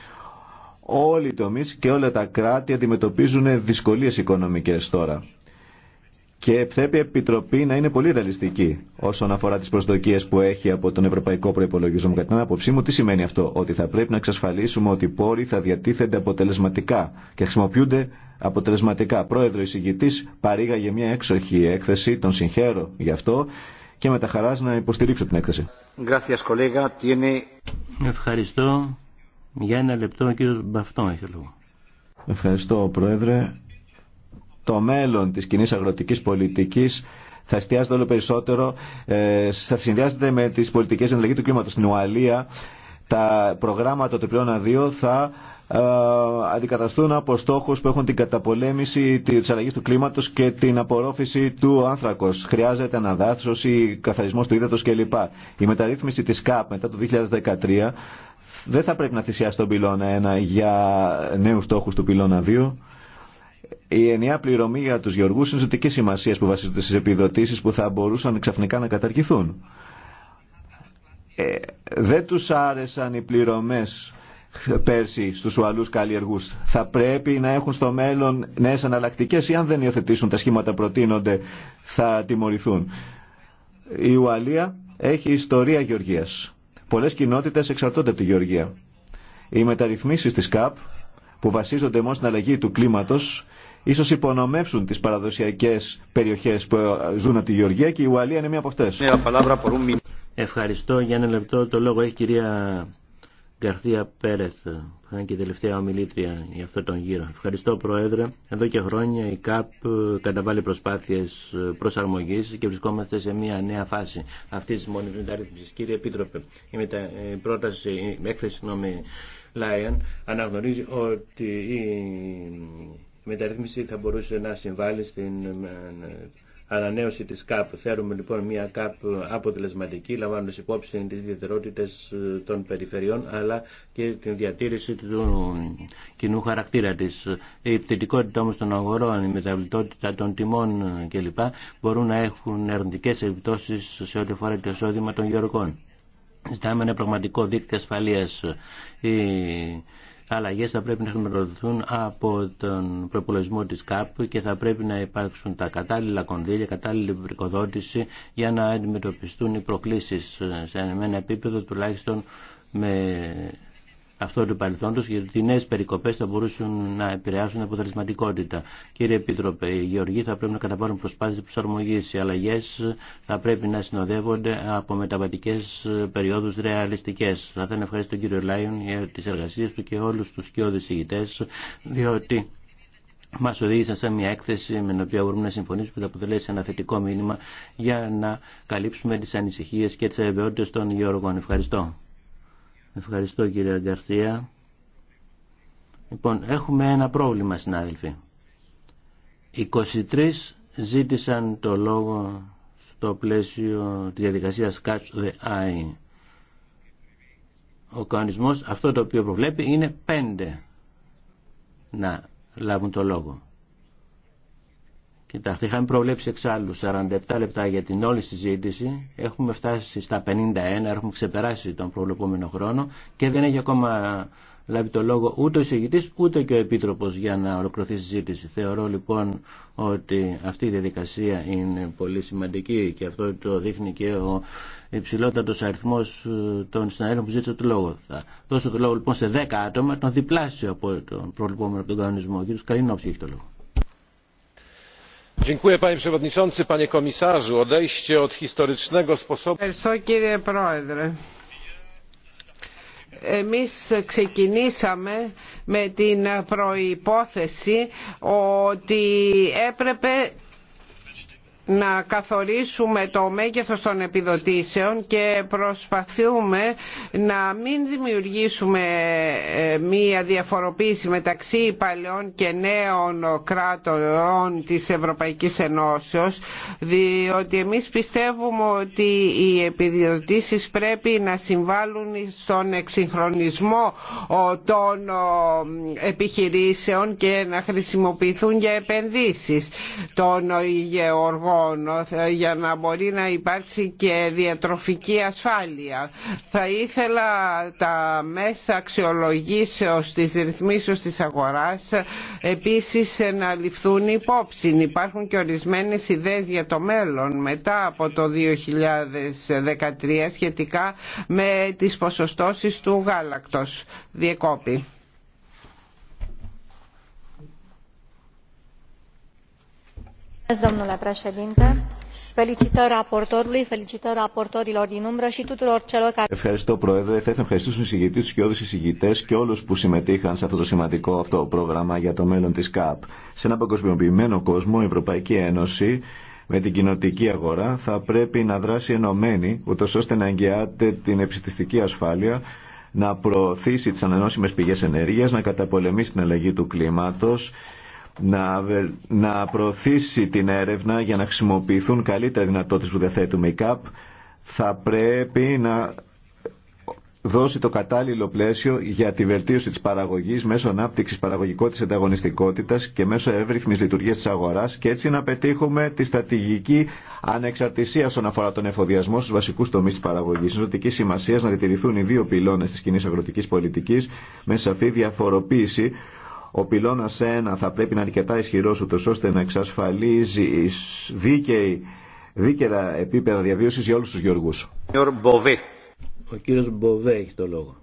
Όλοι οι τομείς και όλα τα κράτη αντιμετωπίζουν δυσκολίες οικονομικές τώρα και πρέπει η Επιτροπή να είναι πολύ ρεαλιστική όσον αφορά τι προσδοκίε που έχει από τον Ευρωπαϊκό Προπολογισμό. Κατά την άποψή μου, τι σημαίνει αυτό, ότι θα πρέπει να εξασφαλίσουμε ότι οι πόροι θα διατίθενται αποτελεσματικά και χρησιμοποιούνται αποτελεσματικά. Πρόεδρο εισηγητή παρήγαγε μια έξοχη έκθεση, τον συγχαίρω γι' αυτό και με τα χαρά να υποστηρίξω την έκθεση. Ευχαριστώ. Για ένα λεπτό, ο κύριο Μπαυτό, έχει λόγο. Ευχαριστώ, Πρόεδρε το μέλλον της κοινή αγροτικής πολιτικής θα εστιάζεται όλο περισσότερο, ε, θα συνδυάζεται με τις πολιτικές εναλλαγή του κλίματος στην Ουαλία. Τα προγράμματα του πλέον 2 θα ε, αντικαταστούν από στόχου που έχουν την καταπολέμηση τη αλλαγή του κλίματο και την απορρόφηση του άνθρακο. Χρειάζεται αναδάθρωση, καθαρισμό του ύδατο κλπ. Η μεταρρύθμιση τη ΚΑΠ μετά το 2013 δεν θα πρέπει να θυσιάσει τον πυλώνα 1 για νέου στόχου του πυλώνα 2. Η ενιαία πληρωμή για του γεωργού είναι ζωτική σημασία που βασίζονται στι επιδοτήσει που θα μπορούσαν ξαφνικά να καταργηθούν. Ε, δεν τους άρεσαν οι πληρωμές πέρσι στους ουαλούς καλλιεργούς. Θα πρέπει να έχουν στο μέλλον νέες αναλλακτικές ή αν δεν υιοθετήσουν τα σχήματα προτείνονται θα τιμωρηθούν. Η Ουαλία έχει ιστορία γεωργίας. Πολλές κοινότητες εξαρτώνται από τη γεωργία. Οι μεταρρυθμίσεις της ΚΑΠ που βασίζονται μόνο στην αλλαγή του κλίματος ίσως υπονομεύσουν τις παραδοσιακές περιοχές που ζουν από τη Γεωργία και η Ουαλία είναι μία από αυτέ. Ευχαριστώ. Για ένα λεπτό το λόγο έχει η κυρία Γκαρθία Πέρεθ, που είναι και η τελευταία ομιλήτρια για αυτόν τον γύρο. Ευχαριστώ, Πρόεδρε. Εδώ και χρόνια η ΚΑΠ καταβάλει προσπάθειε προσαρμογή και βρισκόμαστε σε μια νέα φάση αυτή τη μόνιμη μεταρρύθμιση. Κύριε Επίτροπε, η, μετα... η πρόταση, η έκθεση, συγγνώμη, Λάιον αναγνωρίζει ότι η μεταρρύθμιση θα μπορούσε να συμβάλλει στην ε, ε, ανανέωση της ΚΑΠ. Θέλουμε λοιπόν μια ΚΑΠ αποτελεσματική, λαμβάνοντας υπόψη τις ιδιαιτερότητες ε, των περιφερειών, αλλά και την διατήρηση του κοινού χαρακτήρα της. Η πτυτικότητα όμως των αγορών, η μεταβλητότητα των τιμών κλπ. μπορούν να έχουν αρνητικέ επιπτώσεις σε ό,τι αφορά το εισόδημα των γεωργών. Ζητάμε ένα πραγματικό δίκτυο ασφαλείας. Αλλαγέ θα πρέπει να χρηματοδοτηθούν από τον προπολογισμό της ΚΑΠ και θα πρέπει να υπάρξουν τα κατάλληλα κονδύλια, κατάλληλη βρικοδότηση για να αντιμετωπιστούν οι προκλήσεις σε ένα επίπεδο τουλάχιστον με αυτό του παρελθόντος γιατί οι νέες περικοπές θα μπορούσαν να επηρεάσουν αποτελεσματικότητα. Κύριε Επίτροπε, οι γεωργοί θα πρέπει να καταβάλουν προσπάθειες προσαρμογής. Οι αλλαγές θα πρέπει να συνοδεύονται από μεταβατικές περιόδους ρεαλιστικές. Θα ήθελα να ευχαριστώ τον κύριο Λάιον για τις εργασίες του και όλους τους σκιώδεις ηγητές, διότι μα οδήγησαν σε μια έκθεση με την οποία μπορούμε να συμφωνήσουμε που θα αποτελέσει ένα θετικό μήνυμα για να καλύψουμε τι ανησυχίε και τι αβεβαιότητε των γεωργών. Ευχαριστώ. Ευχαριστώ κύριε Αγκαρθία. Λοιπόν, έχουμε ένα πρόβλημα συνάδελφοι. 23 ζήτησαν το λόγο στο πλαίσιο της διαδικασίας Catch the Eye. Ο κανονισμός αυτό το οποίο προβλέπει είναι 5 να λάβουν το λόγο. Κοιτάξτε, είχαμε προβλέψει εξάλλου 47 λεπτά για την όλη συζήτηση. Έχουμε φτάσει στα 51, έχουμε ξεπεράσει τον προβλεπόμενο χρόνο και δεν έχει ακόμα λάβει το λόγο ούτε ο εισηγητή ούτε και ο επίτροπο για να ολοκληρωθεί η συζήτηση. Θεωρώ λοιπόν ότι αυτή η διαδικασία είναι πολύ σημαντική και αυτό το δείχνει και ο υψηλότατο αριθμό ε, των συναδέλφων που ζήτησαν το λόγο. Θα δώσω το λόγο λοιπόν σε 10 άτομα, τον διπλάσιο από τον προβλεπόμενο από τον κανονισμό. Ο κ. έχει το λόγο. Ευχαριστώ κύριε Πρόεδρε. Εμεί ξεκινήσαμε με την προπόθεση ότι έπρεπε να καθορίσουμε το μέγεθος των επιδοτήσεων και προσπαθούμε να μην δημιουργήσουμε ε, μία διαφοροποίηση μεταξύ παλαιών και νέων κράτων της Ευρωπαϊκής Ενώσεως διότι εμείς πιστεύουμε ότι οι επιδοτήσεις πρέπει να συμβάλλουν στον εξυγχρονισμό ε, των ε, επιχειρήσεων και να χρησιμοποιηθούν για επενδύσεις των γεωργών Λοιπόν, για να μπορεί να υπάρξει και διατροφική ασφάλεια. Θα ήθελα τα μέσα αξιολογήσεως της ρυθμίσεως της αγοράς επίσης να ληφθούν υπόψη. Υπάρχουν και ορισμένες ιδέες για το μέλλον μετά από το 2013 σχετικά με τις ποσοστώσεις του γάλακτος. Διεκόπη. felicitări raportorului felicitări raportorilor umbră și tuturor celor care. Ευχαριστώ, Πρόεδρε. Θα ήθελα να ευχαριστήσω του όλου του κοιόδου και όλου που συμμετείχαν σε αυτό το σημαντικό αυτό πρόγραμμα για το μέλλον τη ΚΑΠ. Σε ένα παγκοσμιοποιημένο κόσμο, η Ευρωπαϊκή Ένωση με την κοινοτική αγορά θα πρέπει να δράσει ενωμένη, ούτω ώστε να εγγυάται την επιστημιστική ασφάλεια, να προωθήσει τι ανανεώσιμε πηγέ ενέργεια, να καταπολεμήσει την αλλαγή του κλίματο να προωθήσει την έρευνα για να χρησιμοποιηθούν καλύτερα δυνατότητες που διαθέτουμε η ΚΑΠ θα πρέπει να δώσει το κατάλληλο πλαίσιο για τη βελτίωση της παραγωγής μέσω ανάπτυξης παραγωγικότητας ανταγωνιστικότητας και μέσω εύρυθμης λειτουργίας της αγοράς και έτσι να πετύχουμε τη στατηγική ανεξαρτησία όσον αφορά τον εφοδιασμό στους βασικούς τομείς της παραγωγής. Είναι ζωτική σημασία να διατηρηθούν οι δύο πυλώνες της κοινή αγροτικής πολιτικής με σαφή διαφοροποίηση ο πυλώνα 1 θα πρέπει να είναι αρκετά ισχυρό ούτω ώστε να εξασφαλίζει δίκαιη, δίκαιρα επίπεδα διαβίωση για όλου του γεωργού. Ο κύριο Μποβέ έχει το λόγο.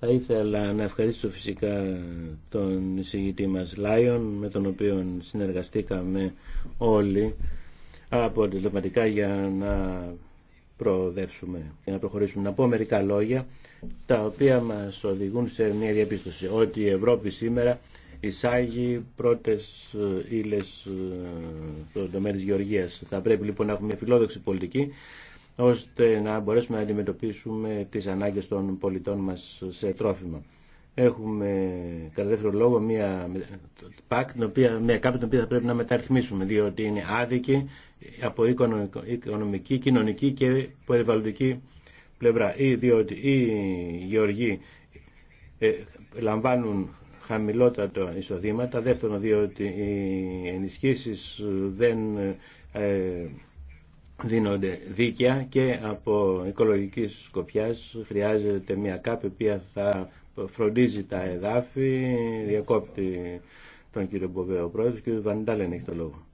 Θα ήθελα να ευχαριστήσω φυσικά τον εισηγητή μας Λάιον με τον οποίο συνεργαστήκαμε όλοι αποτελεσματικά για να προοδεύσουμε και να προχωρήσουμε. Να πω μερικά λόγια τα οποία μας οδηγούν σε μια διαπίστωση ότι η Ευρώπη σήμερα εισάγει πρώτες ε, ύλες ε, στον τομέα της γεωργίας. Θα πρέπει λοιπόν να έχουμε μια φιλόδοξη πολιτική ώστε να μπορέσουμε να αντιμετωπίσουμε τις ανάγκες των πολιτών μας σε τρόφιμα έχουμε κατά δεύτερο λόγο μια ΠΑΚ, την οποία, μια ΚΑΠ την οποία θα πρέπει να μεταρρυθμίσουμε, διότι είναι άδικη από οικονομική, κοινωνική και περιβαλλοντική πλευρά. Ή διότι οι γεωργοί ε, λαμβάνουν χαμηλότατα εισοδήματα, δεύτερον διότι οι ενισχύσεις δεν ε, δίνονται δίκαια και από οικολογικής σκοπιάς χρειάζεται μια ΚΑΠ η θα φροντίζει τα εδάφη, διακόπτει τον κύριο Μποβέο πρόεδρος και ο Βαντάλεν έχει το λόγο.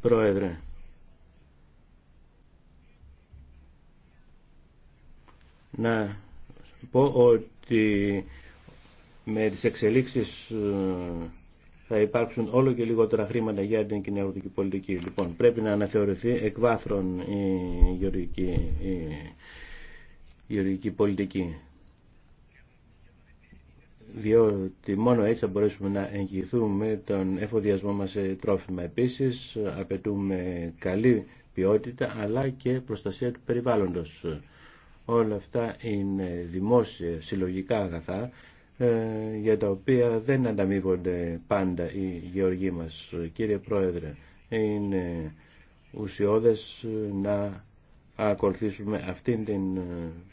Πρόεδρε. Να πω ότι με τις εξελίξεις ε, θα υπάρξουν όλο και λιγότερα χρήματα για την κοινωνική πολιτική. Λοιπόν, πρέπει να αναθεωρηθεί εκ βάθρων η γεωργική, η γεωργική πολιτική. Διότι μόνο έτσι θα μπορέσουμε να εγγυηθούμε τον εφοδιασμό μας σε τρόφιμα. Επίσης, απαιτούμε καλή ποιότητα αλλά και προστασία του περιβάλλοντος. Όλα αυτά είναι δημόσια συλλογικά αγαθά ε, για τα οποία δεν ανταμείβονται πάντα οι γεωργοί μας. Κύριε Πρόεδρε, είναι ουσιώδες να ακολουθήσουμε αυτήν την ε,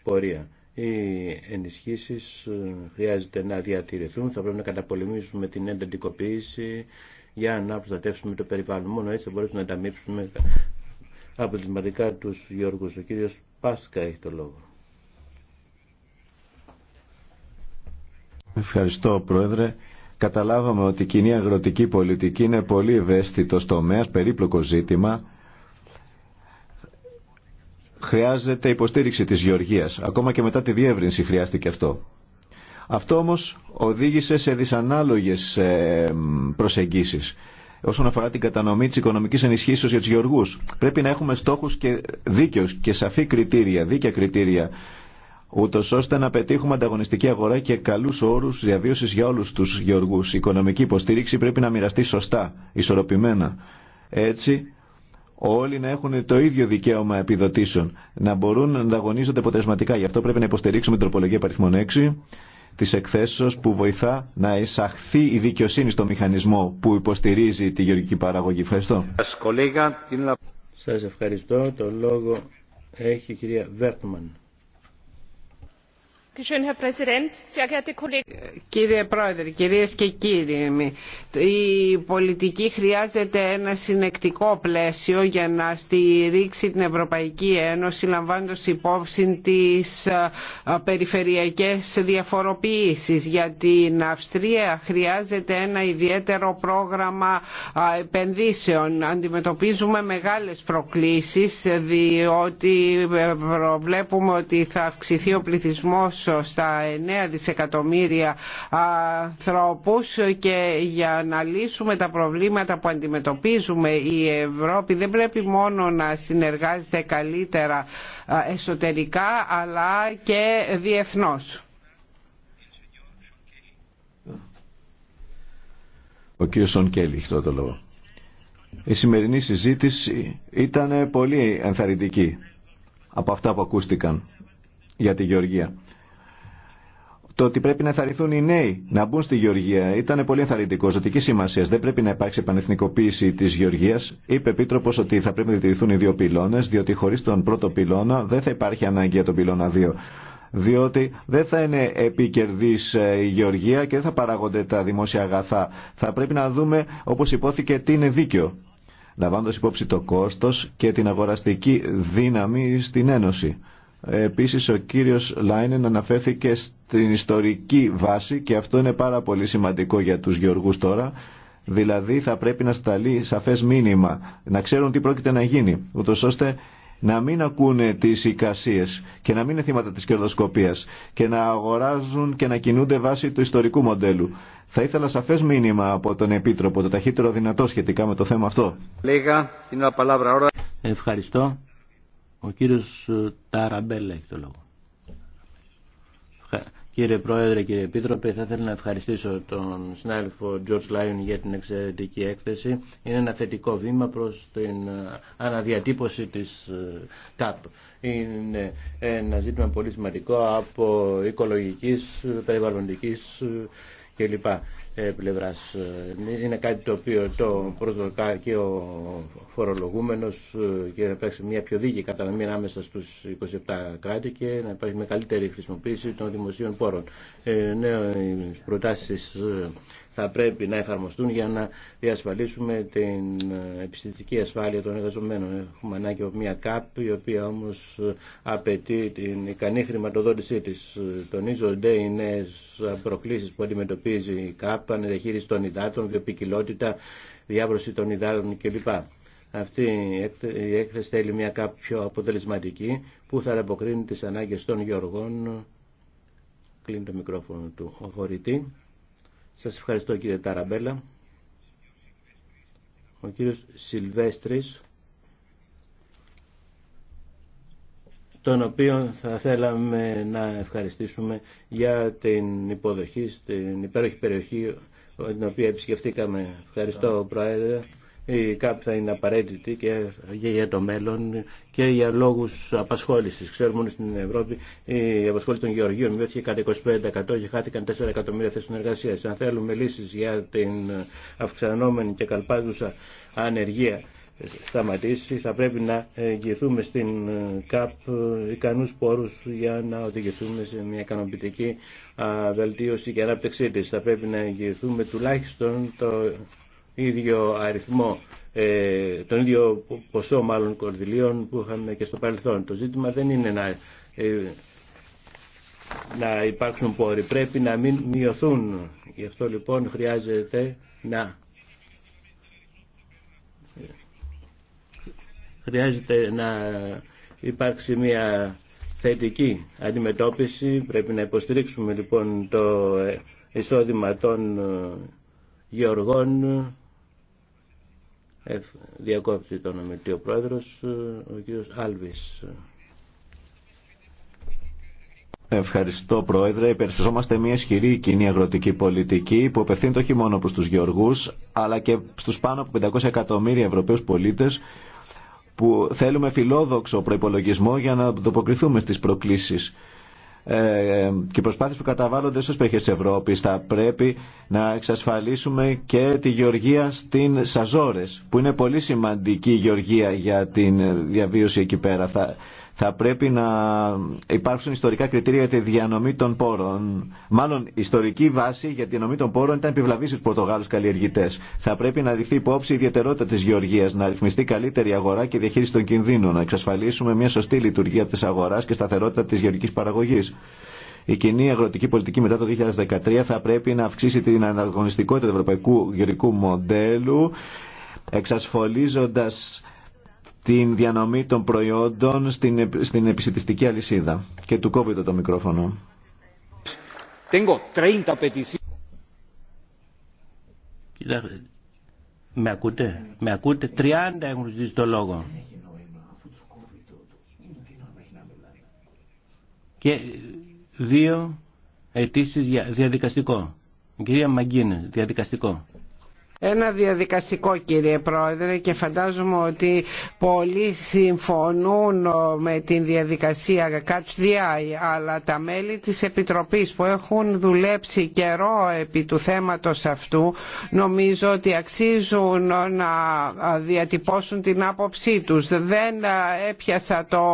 πορεία. Οι ενισχύσεις ε, χρειάζεται να διατηρηθούν, θα πρέπει να καταπολεμήσουμε την εντατικοποίηση για να προστατεύσουμε το περιβάλλον. Μόνο έτσι θα μπορέσουμε να ανταμείψουμε αποτελεσματικά τους γεωργούς. Ο κύριος Πάσκα έχει το λόγο. Ευχαριστώ Πρόεδρε. Καταλάβαμε ότι η κοινή αγροτική πολιτική είναι πολύ ευαίσθητο τομέα, περίπλοκο ζήτημα. Χρειάζεται υποστήριξη της γεωργίας. Ακόμα και μετά τη διεύρυνση χρειάστηκε αυτό. Αυτό όμως οδήγησε σε δυσανάλογες ε, προσεγγίσεις όσον αφορά την κατανομή της οικονομικής ενισχύσεω για του γεωργού. Πρέπει να έχουμε στόχους και δίκαιους και σαφή κριτήρια, δίκαια κριτήρια ούτω ώστε να πετύχουμε ανταγωνιστική αγορά και καλού όρου, διαβίωσης για όλου του γεωργού, Η οικονομική υποστήριξη πρέπει να μοιραστεί σωστά, ισορροπημένα. Έτσι, όλοι να έχουν το ίδιο δικαίωμα επιδοτήσεων, να μπορούν να ανταγωνίζονται αποτελεσματικά. Γι' αυτό πρέπει να υποστηρίξουμε την τροπολογία παριθμών 6 τη εκθέσεω που βοηθά να εισαχθεί η δικαιοσύνη στο μηχανισμό που υποστηρίζει τη γεωργική παραγωγή. Ευχαριστώ. Σα ευχαριστώ. Το λόγο έχει κυρία Βέρτμαν. Κύριε Πρόεδρε, κυρίε και κύριοι, η πολιτική χρειάζεται ένα συνεκτικό πλαίσιο για να στηρίξει την Ευρωπαϊκή Ένωση λαμβάνοντα υπόψη τι περιφερειακές διαφοροποιήσεις. Για την Αυστρία χρειάζεται ένα ιδιαίτερο πρόγραμμα επενδύσεων. Αντιμετωπίζουμε μεγάλε προκλήσεις διότι ε, βλέπουμε ότι θα αυξηθεί ο πληθυσμό στα 9 δισεκατομμύρια ανθρώπους και για να λύσουμε τα προβλήματα που αντιμετωπίζουμε η Ευρώπη δεν πρέπει μόνο να συνεργάζεται καλύτερα εσωτερικά αλλά και διεθνώς. Ο κύριος Σον Κέλλη το λόγο. Η σημερινή συζήτηση ήταν πολύ ενθαρρυντική από αυτά που ακούστηκαν για τη Γεωργία το ότι πρέπει να ενθαρρυνθούν οι νέοι να μπουν στη Γεωργία ήταν πολύ ενθαρρυντικό. Ζωτική σημασία. Δεν πρέπει να υπάρξει επανεθνικοποίηση τη Γεωργία. Είπε επίτροπο ότι θα πρέπει να διατηρηθούν οι δύο πυλώνε, διότι χωρί τον πρώτο πυλώνα δεν θα υπάρχει ανάγκη για τον πυλώνα 2. Διότι δεν θα είναι επικερδή ε, η Γεωργία και δεν θα παράγονται τα δημόσια αγαθά. Θα πρέπει να δούμε, όπω υπόθηκε, τι είναι δίκαιο. Λαμβάνοντα υπόψη το κόστο και την αγοραστική δύναμη στην Ένωση. Επίσης ο κύριος Λάινεν αναφέρθηκε στην ιστορική βάση και αυτό είναι πάρα πολύ σημαντικό για τους γεωργούς τώρα. Δηλαδή θα πρέπει να σταλεί σαφές μήνυμα, να ξέρουν τι πρόκειται να γίνει, ούτως ώστε να μην ακούνε τις εικασίες και να μην είναι θύματα της κερδοσκοπίας και να αγοράζουν και να κινούνται βάσει του ιστορικού μοντέλου. Θα ήθελα σαφές μήνυμα από τον Επίτροπο, το ταχύτερο δυνατό σχετικά με το θέμα αυτό. Ευχαριστώ. Ο κύριος ε, Ταραμπέλα έχει το λόγο. Κύριε Πρόεδρε, κύριε Επίτροπε, θα ήθελα να ευχαριστήσω τον συνάδελφο George Lyon για την εξαιρετική έκθεση. Είναι ένα θετικό βήμα προς την ε, αναδιατύπωση της ε, ΚΑΠ. Είναι ένα ζήτημα πολύ σημαντικό από οικολογικής, περιβαλλοντικής κλπ. Ε, ε, είναι κάτι το οποίο το προσδοκά και ο φορολογούμενος ε, και να υπάρξει μια πιο δίκαιη κατανομή ανάμεσα στου 27 κράτη και να υπάρχει μια καλύτερη χρησιμοποίηση των δημοσίων πόρων. Ε, ναι, προτάσεις θα πρέπει να εφαρμοστούν για να διασφαλίσουμε την ε, επιστημική ασφάλεια των εργαζομένων. Έχουμε ανάγκη από μια ΚΑΠ η οποία όμως ε, απαιτεί την ικανή χρηματοδότησή της. Ε, τονίζονται οι νέες προκλήσεις που αντιμετωπίζει η ΚΑΠ, ανεδιαχείριση των υδάτων, βιοπικιλότητα, διάβρωση των υδάτων κλπ. Αυτή η έκθεση θέλει μια ΚΑΠ πιο αποτελεσματική που θα αποκρίνει τις ανάγκες των γεωργών. Κλείνει το μικρόφωνο του ο σας ευχαριστώ κύριε Ταραμπέλα. Ο κύριος Σιλβέστρης, τον οποίο θα θέλαμε να ευχαριστήσουμε για την υποδοχή στην υπέροχη περιοχή την οποία επισκεφτήκαμε. Ευχαριστώ Πρόεδρε η ε, ΚΑΠ θα είναι απαραίτητη και για το μέλλον και για λόγους απασχόλησης. Ξέρουμε ότι στην Ευρώπη ε, η απασχόληση των γεωργίων μειώθηκε κατά 25% και χάθηκαν 4 εκατομμύρια θέσεις εργασίας. Αν θέλουμε λύσεις για την αυξανόμενη και καλπάζουσα ανεργία ε, σταματήσει, θα πρέπει να εγγυηθούμε στην ΚΑΠ ικανούς πόρους για να οδηγηθούμε σε μια ικανοποιητική βελτίωση και ανάπτυξή της. Θα πρέπει να εγγυηθούμε τουλάχιστον το ίδιο αριθμό, ε, τον ίδιο ποσό μάλλον κορδιλίων που είχαμε και στο παρελθόν. Το ζήτημα δεν είναι να, ε, να υπάρξουν πόροι, πρέπει να μην μειωθούν. Γι' αυτό λοιπόν χρειάζεται να χρειάζεται να υπάρξει μια θετική αντιμετώπιση. Πρέπει να υποστηρίξουμε λοιπόν το ε, εισόδημα των γεωργών ε, Διακόπτει τον ομιλητή ο πρόεδρος, ο κ. Άλβης. Ευχαριστώ, Πρόεδρε. Υπερψηφιζόμαστε μια ισχυρή κοινή αγροτική πολιτική που απευθύνεται όχι μόνο προ του γεωργού, αλλά και στου πάνω από 500 εκατομμύρια Ευρωπαίου πολίτε που θέλουμε φιλόδοξο προπολογισμό για να τοποκριθούμε στι προκλήσει ε, και οι προσπάθειες που καταβάλλονται στις περιοχές της Ευρώπης. Θα πρέπει να εξασφαλίσουμε και τη γεωργία στην Σαζόρες, που είναι πολύ σημαντική γεωργία για την διαβίωση εκεί πέρα. Θα θα πρέπει να υπάρξουν ιστορικά κριτήρια για τη διανομή των πόρων. Μάλλον, ιστορική βάση για τη διανομή των πόρων ήταν επιβλαβή στου Πορτογάλου καλλιεργητέ. Θα πρέπει να ληφθεί υπόψη η ιδιαιτερότητα τη γεωργία, να ρυθμιστεί καλύτερη αγορά και διαχείριση των κινδύνων, να εξασφαλίσουμε μια σωστή λειτουργία τη αγορά και σταθερότητα τη γεωργική παραγωγή. Η κοινή αγροτική πολιτική μετά το 2013 θα πρέπει να αυξήσει την αναγωνιστικότητα του ευρωπαϊκού γεωργικού μοντέλου, εξασφαλίζοντας την διανομή των προϊόντων στην, στην επισητιστική αλυσίδα. Και του κόβει το το μικρόφωνο. Κοιτάξτε, με ακούτε, με ακούτε, 30 έχουν ζητήσει το λόγο. Και δύο αιτήσει για διαδικαστικό. κυρία Μαγκίνε, διαδικαστικό. Ένα διαδικαστικό κύριε Πρόεδρε και φαντάζομαι ότι πολλοί συμφωνούν ε, με την διαδικασία Catch the Eye αλλά τα μέλη της Επιτροπής που έχουν δουλέψει καιρό επί του θέματος αυτού νομίζω ότι αξίζουν ε, να διατυπώσουν την άποψή τους. Δεν, ε, έπιασα το...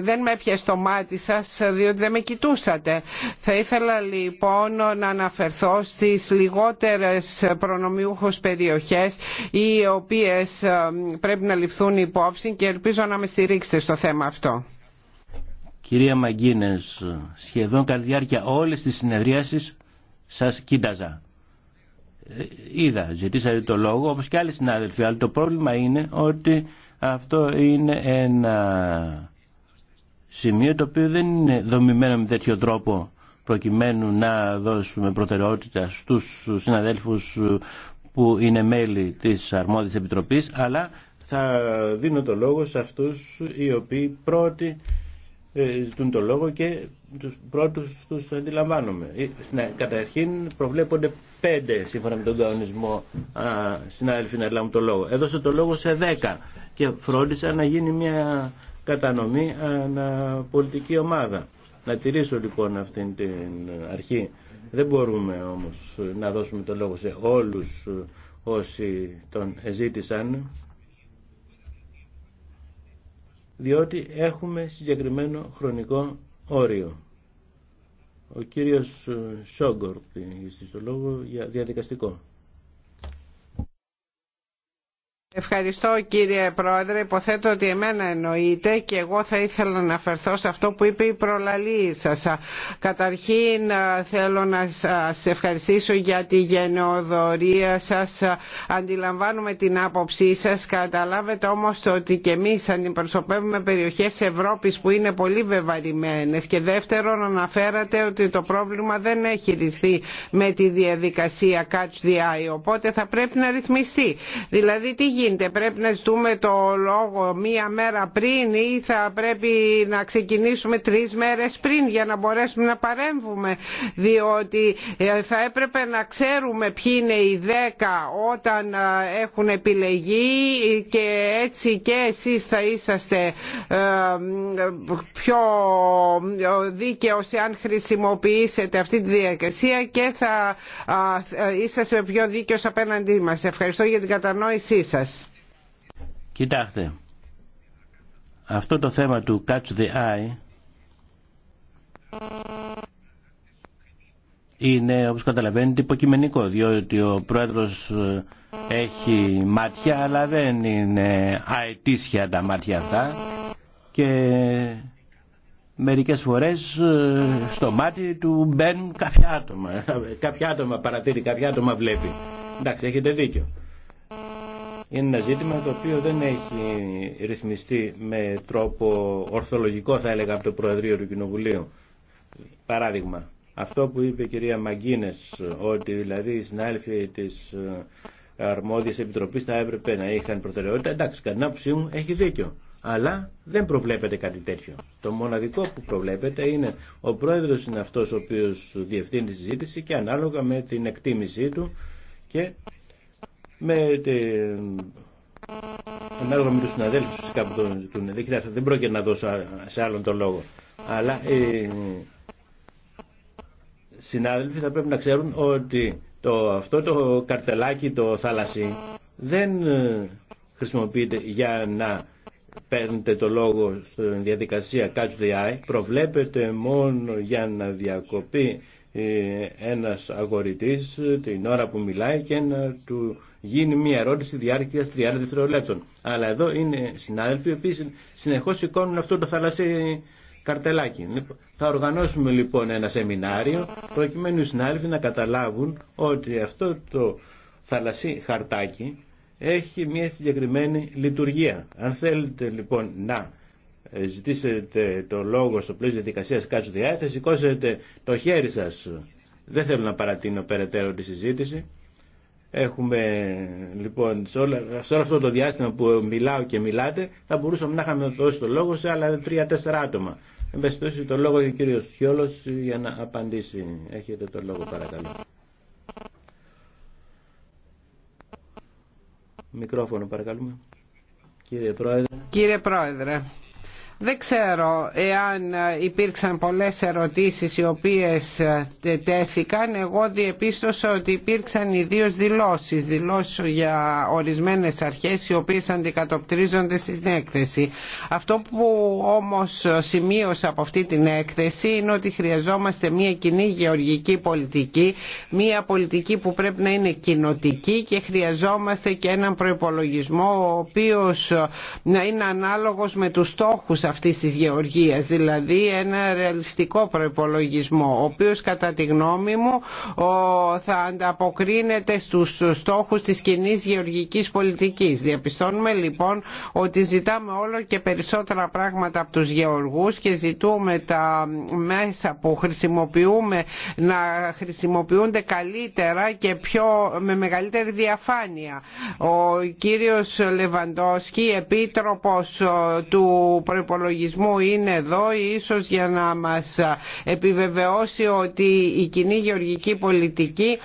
δεν με έπιασε το μάτι σας διότι δεν με κοιτούσατε. Θα ήθελα λοιπόν να αναφερθώ στις λιγότερες προνομιούχους περιοχές οι οποίες ε, πρέπει να ληφθούν υπόψη και ελπίζω να με στηρίξετε στο θέμα αυτό. Κυρία Μαγκίνες, σχεδόν κατά όλες τις συνεδρίασεις σας κοίταζα. Ε, είδα, ζητήσατε το λόγο όπως και άλλοι συνάδελφοι, αλλά το πρόβλημα είναι ότι αυτό είναι ένα σημείο το οποίο δεν είναι δομημένο με τέτοιο τρόπο προκειμένου να δώσουμε προτεραιότητα στους συναδέλφους που είναι μέλη της αρμόδιας επιτροπής, αλλά θα δίνω το λόγο σε αυτούς οι οποίοι πρώτοι ε, ζητούν το λόγο και τους πρώτους τους αντιλαμβάνομαι. Ε, ναι, καταρχήν προβλέπονται πέντε σύμφωνα με τον κανονισμό συνάδελφοι να λάβουν το λόγο. Έδωσα το λόγο σε δέκα και φρόντισα να γίνει μια κατανομή ανά πολιτική ομάδα. Να τηρήσω λοιπόν αυτήν την αρχή. Δεν μπορούμε όμως να δώσουμε το λόγο σε όλους όσοι τον ζήτησαν διότι έχουμε συγκεκριμένο χρονικό όριο. Ο κύριος Σόγκορπ το λόγο για διαδικαστικό. Ευχαριστώ κύριε Πρόεδρε. Υποθέτω ότι εμένα εννοείται και εγώ θα ήθελα να αναφερθώ σε αυτό που είπε η προλαλή σας. Καταρχήν ε, θέλω να σας ευχαριστήσω για τη γενναιοδορία σας. Αντιλαμβάνουμε την άποψή σας. Καταλάβετε όμως ότι και εμείς αντιπροσωπεύουμε περιοχές Ευρώπης που είναι πολύ βεβαρημένε Και δεύτερον αναφέρατε ότι το πρόβλημα δεν έχει ρυθεί με τη διαδικασία Catch the Eye. Οπότε θα πρέπει να ρυθμιστεί. Δηλαδή τι γίνεται. Πρέπει να ζητούμε το λόγο μία μέρα πριν ή θα πρέπει να ξεκινήσουμε τρεις μέρες πριν για να μπορέσουμε να παρέμβουμε. Διότι ε, θα έπρεπε να ξέρουμε ποιοι είναι οι δέκα όταν ε, έχουν επιλεγεί και έτσι και εσείς θα είσαστε ε, πιο δίκαιος αν χρησιμοποιήσετε αυτή τη διαδικασία και θα είσαστε πιο δίκαιος απέναντί μας. Ευχαριστώ για την κατανόησή σας. Κοιτάξτε, αυτό το θέμα του catch the eye είναι όπως καταλαβαίνετε υποκειμενικό διότι ο πρόεδρος ε, έχει μάτια αλλά δεν είναι αετήσια τα μάτια αυτά και μερικές φορές ε, στο μάτι του μπαίνουν κάποια άτομα κάποια άτομα παρατηρεί, κάποια άτομα βλέπει εντάξει έχετε δίκιο είναι ένα ζήτημα το οποίο δεν έχει ρυθμιστεί με τρόπο ορθολογικό θα έλεγα από το Προεδρείο του Κοινοβουλίου. Παράδειγμα, αυτό που είπε η κυρία Μαγκίνες ότι δηλαδή οι συνάδελφοι της ε, αρμόδιας επιτροπής θα έπρεπε να είχαν προτεραιότητα, εντάξει, κατά την μου έχει δίκιο. Αλλά δεν προβλέπεται κάτι τέτοιο. Το μοναδικό που προβλέπεται είναι ο πρόεδρος είναι αυτός ο οποίος διευθύνει τη συζήτηση και ανάλογα με την εκτίμησή του και με την ανάλογα με τους συναδέλφους φυσικά που τον ζητούν. Δεν, πρόκειται να δώσω σε άλλον τον λόγο. Αλλά οι ε, συνάδελφοι θα πρέπει να ξέρουν ότι το, αυτό το καρτελάκι το θάλασσι δεν ε, χρησιμοποιείται για να παίρνετε το λόγο στην διαδικασία Catch the Eye. Προβλέπετε μόνο για να διακοπεί ε, ένας αγορητής την ώρα που μιλάει και να του γίνει μια ερώτηση διάρκεια 30 δευτερολέπτων. Αλλά εδώ είναι συνάδελφοι οι οποίοι συνεχώ σηκώνουν αυτό το θαλασσί καρτελάκι. Λοιπόν, θα οργανώσουμε λοιπόν ένα σεμινάριο προκειμένου οι συνάδελφοι να καταλάβουν ότι αυτό το θαλασσί χαρτάκι έχει μια συγκεκριμένη λειτουργία. Αν θέλετε λοιπόν να ε, ζητήσετε το λόγο στο πλαίσιο διαδικασία κάτω διάρκεια, θα σηκώσετε το χέρι σα Δεν θέλω να παρατείνω περαιτέρω τη συζήτηση. Έχουμε λοιπόν σε, όλα, σε όλο αυτό το διάστημα που μιλάω και μιλάτε θα μπορούσαμε να είχαμε δώσει το λόγο σε άλλα τρία-τέσσερα άτομα. Εμπεστώσει το λόγο και ο κύριος Σιόλος για να απαντήσει. Έχετε το λόγο παρακαλώ. Μικρόφωνο παρακαλούμε. Κύριε Πρόεδρε. Κύριε Πρόεδρε. Δεν ξέρω εάν υπήρξαν πολλές ερωτήσεις οι οποίες ε, τέθηκαν. Εγώ διεπίστωσα ότι υπήρξαν ιδίως δηλώσεις. Δηλώσεις για ορισμένες αρχές οι οποίες αντικατοπτρίζονται στην έκθεση. Αυτό που όμως σημείωσα από αυτή την έκθεση είναι ότι χρειαζόμαστε μια κοινή γεωργική πολιτική, μια πολιτική που πρέπει να είναι κοινοτική και χρειαζόμαστε και έναν προπολογισμό ο οποίος να είναι ανάλογος με τους στόχους αυτής της γεωργίας, δηλαδή ένα ρεαλιστικό προπολογισμό, ο οποίος κατά τη γνώμη μου θα ανταποκρίνεται στους στόχους της κοινή γεωργικής πολιτικής. Διαπιστώνουμε λοιπόν ότι ζητάμε όλο και περισσότερα πράγματα από τους γεωργούς και ζητούμε τα μέσα που χρησιμοποιούμε να χρησιμοποιούνται καλύτερα και πιο, με μεγαλύτερη διαφάνεια. Ο κύριος Λεβαντόσκι, επίτροπος ε, του προϋπολογισμού είναι εδώ ίσως για να μας επιβεβαιώσει ότι η κοινή γεωργική πολιτική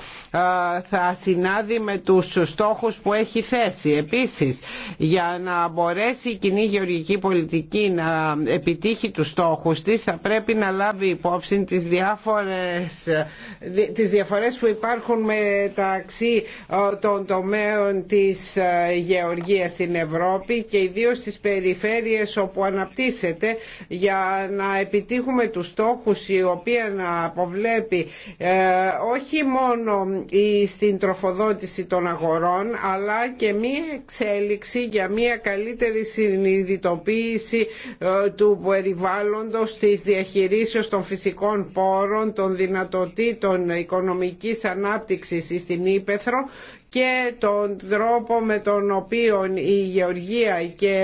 θα συνάδει με τους στόχους που έχει θέσει. Επίσης, για να μπορέσει η κοινή γεωργική πολιτική να επιτύχει τους στόχους της θα πρέπει να λάβει υπόψη τις διάφορες, τις διαφορές που υπάρχουν μεταξύ των τομέων της γεωργίας στην Ευρώπη και ιδίως στις περιφέρειες όπου αναπτύσσονται για να επιτύχουμε τους στόχους οι οποίοι να αποβλέπει ε, όχι μόνο στην τροφοδότηση των αγορών αλλά και μία εξέλιξη για μία καλύτερη συνειδητοποίηση ε, του περιβάλλοντος της διαχειρήσεως των φυσικών πόρων των δυνατοτήτων οικονομικής ανάπτυξης στην Ήπεθρο και τον τρόπο με τον οποίο η γεωργία και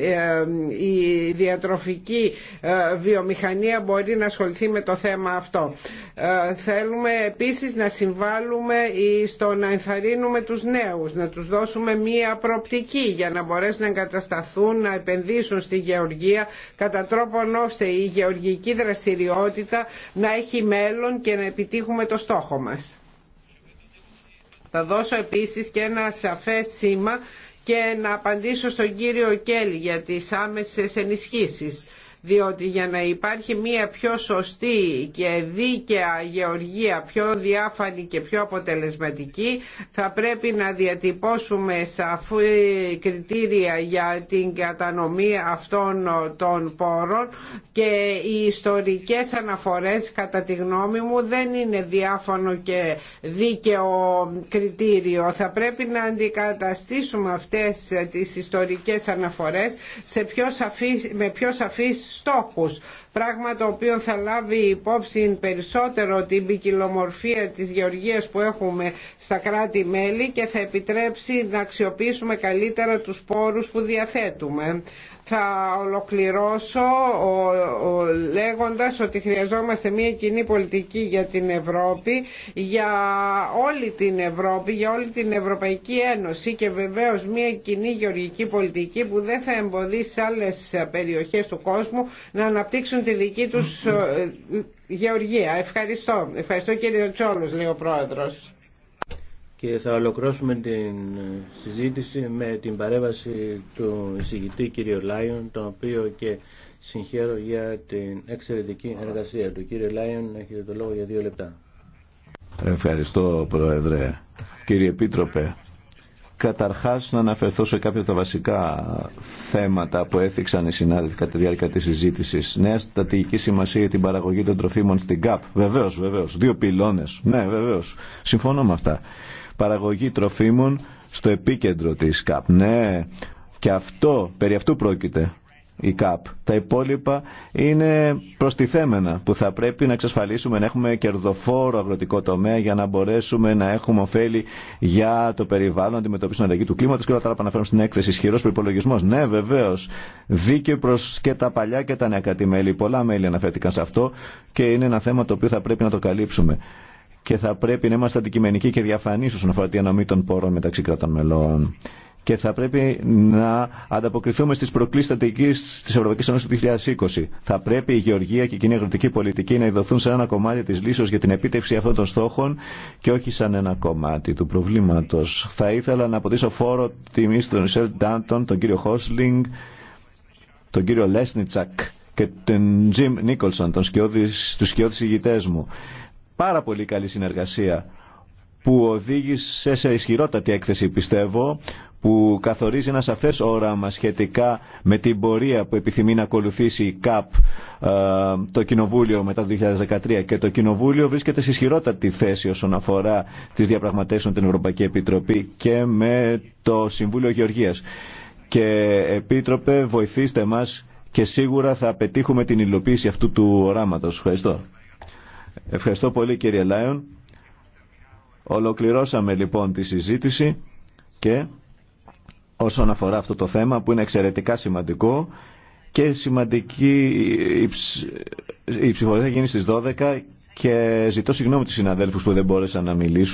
ε, η διατροφική ε, βιομηχανία μπορεί να ασχοληθεί με το θέμα αυτό. Ε, θέλουμε επίσης να συμβάλλουμε στο να ενθαρρύνουμε τους νέους, να τους δώσουμε μία προοπτική για να μπορέσουν να εγκατασταθούν, να επενδύσουν στη γεωργία κατά τρόπον ώστε η γεωργική δραστηριότητα να έχει μέλλον και να επιτύχουμε το στόχο μας. Θα δώσω επίσης και ένα σαφές σήμα και να απαντήσω στον κύριο Κέλλη για τις άμεσες ενισχύσεις διότι για να υπάρχει μια πιο σωστή και δίκαια γεωργία, πιο διάφανη και πιο αποτελεσματική, θα πρέπει να διατυπώσουμε σαφή κριτήρια για την κατανομή αυτών των πόρων και οι ιστορικές αναφορές κατά τη γνώμη μου δεν είναι διάφανο και δίκαιο κριτήριο. Θα πρέπει να αντικαταστήσουμε αυτές τις ιστορικές αναφορές σε πιο σαφή, με πιο σαφείς στόχους, πράγμα το οποίο θα λάβει υπόψη περισσότερο την ποικιλομορφία της γεωργίας που έχουμε στα κράτη-μέλη και θα επιτρέψει να αξιοποιήσουμε καλύτερα τους πόρους που διαθέτουμε θα ολοκληρώσω λέγοντας ότι χρειαζόμαστε μια κοινή πολιτική για την Ευρώπη, για όλη την Ευρώπη, για όλη την Ευρωπαϊκή Ένωση και βεβαίως μια κοινή γεωργική πολιτική που δεν θα εμποδίσει άλλες περιοχές του κόσμου να αναπτύξουν τη δική τους ε, γεωργία. Ευχαριστώ. Ευχαριστώ κύριε Τσόλος, λέει ο Πρόεδρος και θα ολοκληρώσουμε την ε, συζήτηση με την παρέμβαση του εισηγητή κ. Λάιον, τον οποίο και συγχαίρω για την εξαιρετική εργασία του. Κύριε Λάιον, έχετε το λόγο για δύο λεπτά. Ευχαριστώ, Πρόεδρε. Κύριε Επίτροπε, καταρχάς να αναφερθώ σε κάποια από τα βασικά θέματα που έθιξαν οι συνάδελφοι κατά τη διάρκεια της συζήτησης. Νέα στατηγική σημασία για την παραγωγή των τροφίμων στην ΚΑΠ. Βεβαίως, βεβαίως. Δύο πυλώνες. Ναι, βεβαίως. Συμφωνώ με αυτά παραγωγή τροφίμων στο επίκεντρο της ΚΑΠ. Ναι, και αυτό, περί αυτού πρόκειται η ΚΑΠ. Τα υπόλοιπα είναι προστιθέμενα που θα πρέπει να εξασφαλίσουμε να έχουμε κερδοφόρο αγροτικό τομέα για να μπορέσουμε να έχουμε ωφέλη για το περιβάλλον, να αντιμετωπίσουμε αλλαγή του κλίματο και όλα τα άλλα που αναφέρουμε στην έκθεση. Ισχυρό προπολογισμό. Ναι, βεβαίω. Δίκαιο προ και τα παλιά και τα νέα Πολλά μέλη αναφέρθηκαν σε αυτό και είναι ένα θέμα το οποίο θα πρέπει να το καλύψουμε και θα πρέπει να είμαστε αντικειμενικοί και διαφανεί όσον αφορά τη ανομή των πόρων μεταξύ κρατών μελών. Και θα πρέπει να ανταποκριθούμε στις προκλήσει στρατηγική τη Ευρωπαϊκής Ένωση του 2020. Θα πρέπει η γεωργία και η κοινή αγροτική πολιτική να ειδωθούν σε ένα κομμάτι τη λύσεως για την επίτευξη αυτών των στόχων και όχι σαν ένα κομμάτι του προβλήματο. Θα ήθελα να αποτίσω φόρο τιμή στον Ισελ Ντάντον, τον κύριο Χόσλινγκ, τον κύριο Λέσνιτσακ και τον Τζιμ Νίκολσον, τους ηγητές μου πάρα πολύ καλή συνεργασία που οδήγησε σε ισχυρότατη έκθεση πιστεύω που καθορίζει ένα σαφές όραμα σχετικά με την πορεία που επιθυμεί να ακολουθήσει η ΚΑΠ ε, το Κοινοβούλιο μετά το 2013 και το Κοινοβούλιο βρίσκεται σε ισχυρότατη θέση όσον αφορά τις διαπραγματεύσεις με την Ευρωπαϊκή Επιτροπή και με το Συμβούλιο Γεωργίας. Και Επίτροπε βοηθήστε μας και σίγουρα θα πετύχουμε την υλοποίηση αυτού του οράματος. Ευχαριστώ. Ευχαριστώ πολύ κύριε Λάιον. Ολοκληρώσαμε λοιπόν τη συζήτηση και όσον αφορά αυτό το θέμα που είναι εξαιρετικά σημαντικό και σημαντική η ψηφορία θα γίνει στις 12 και ζητώ συγγνώμη τους συναδέλφους που δεν μπόρεσαν να μιλήσουν.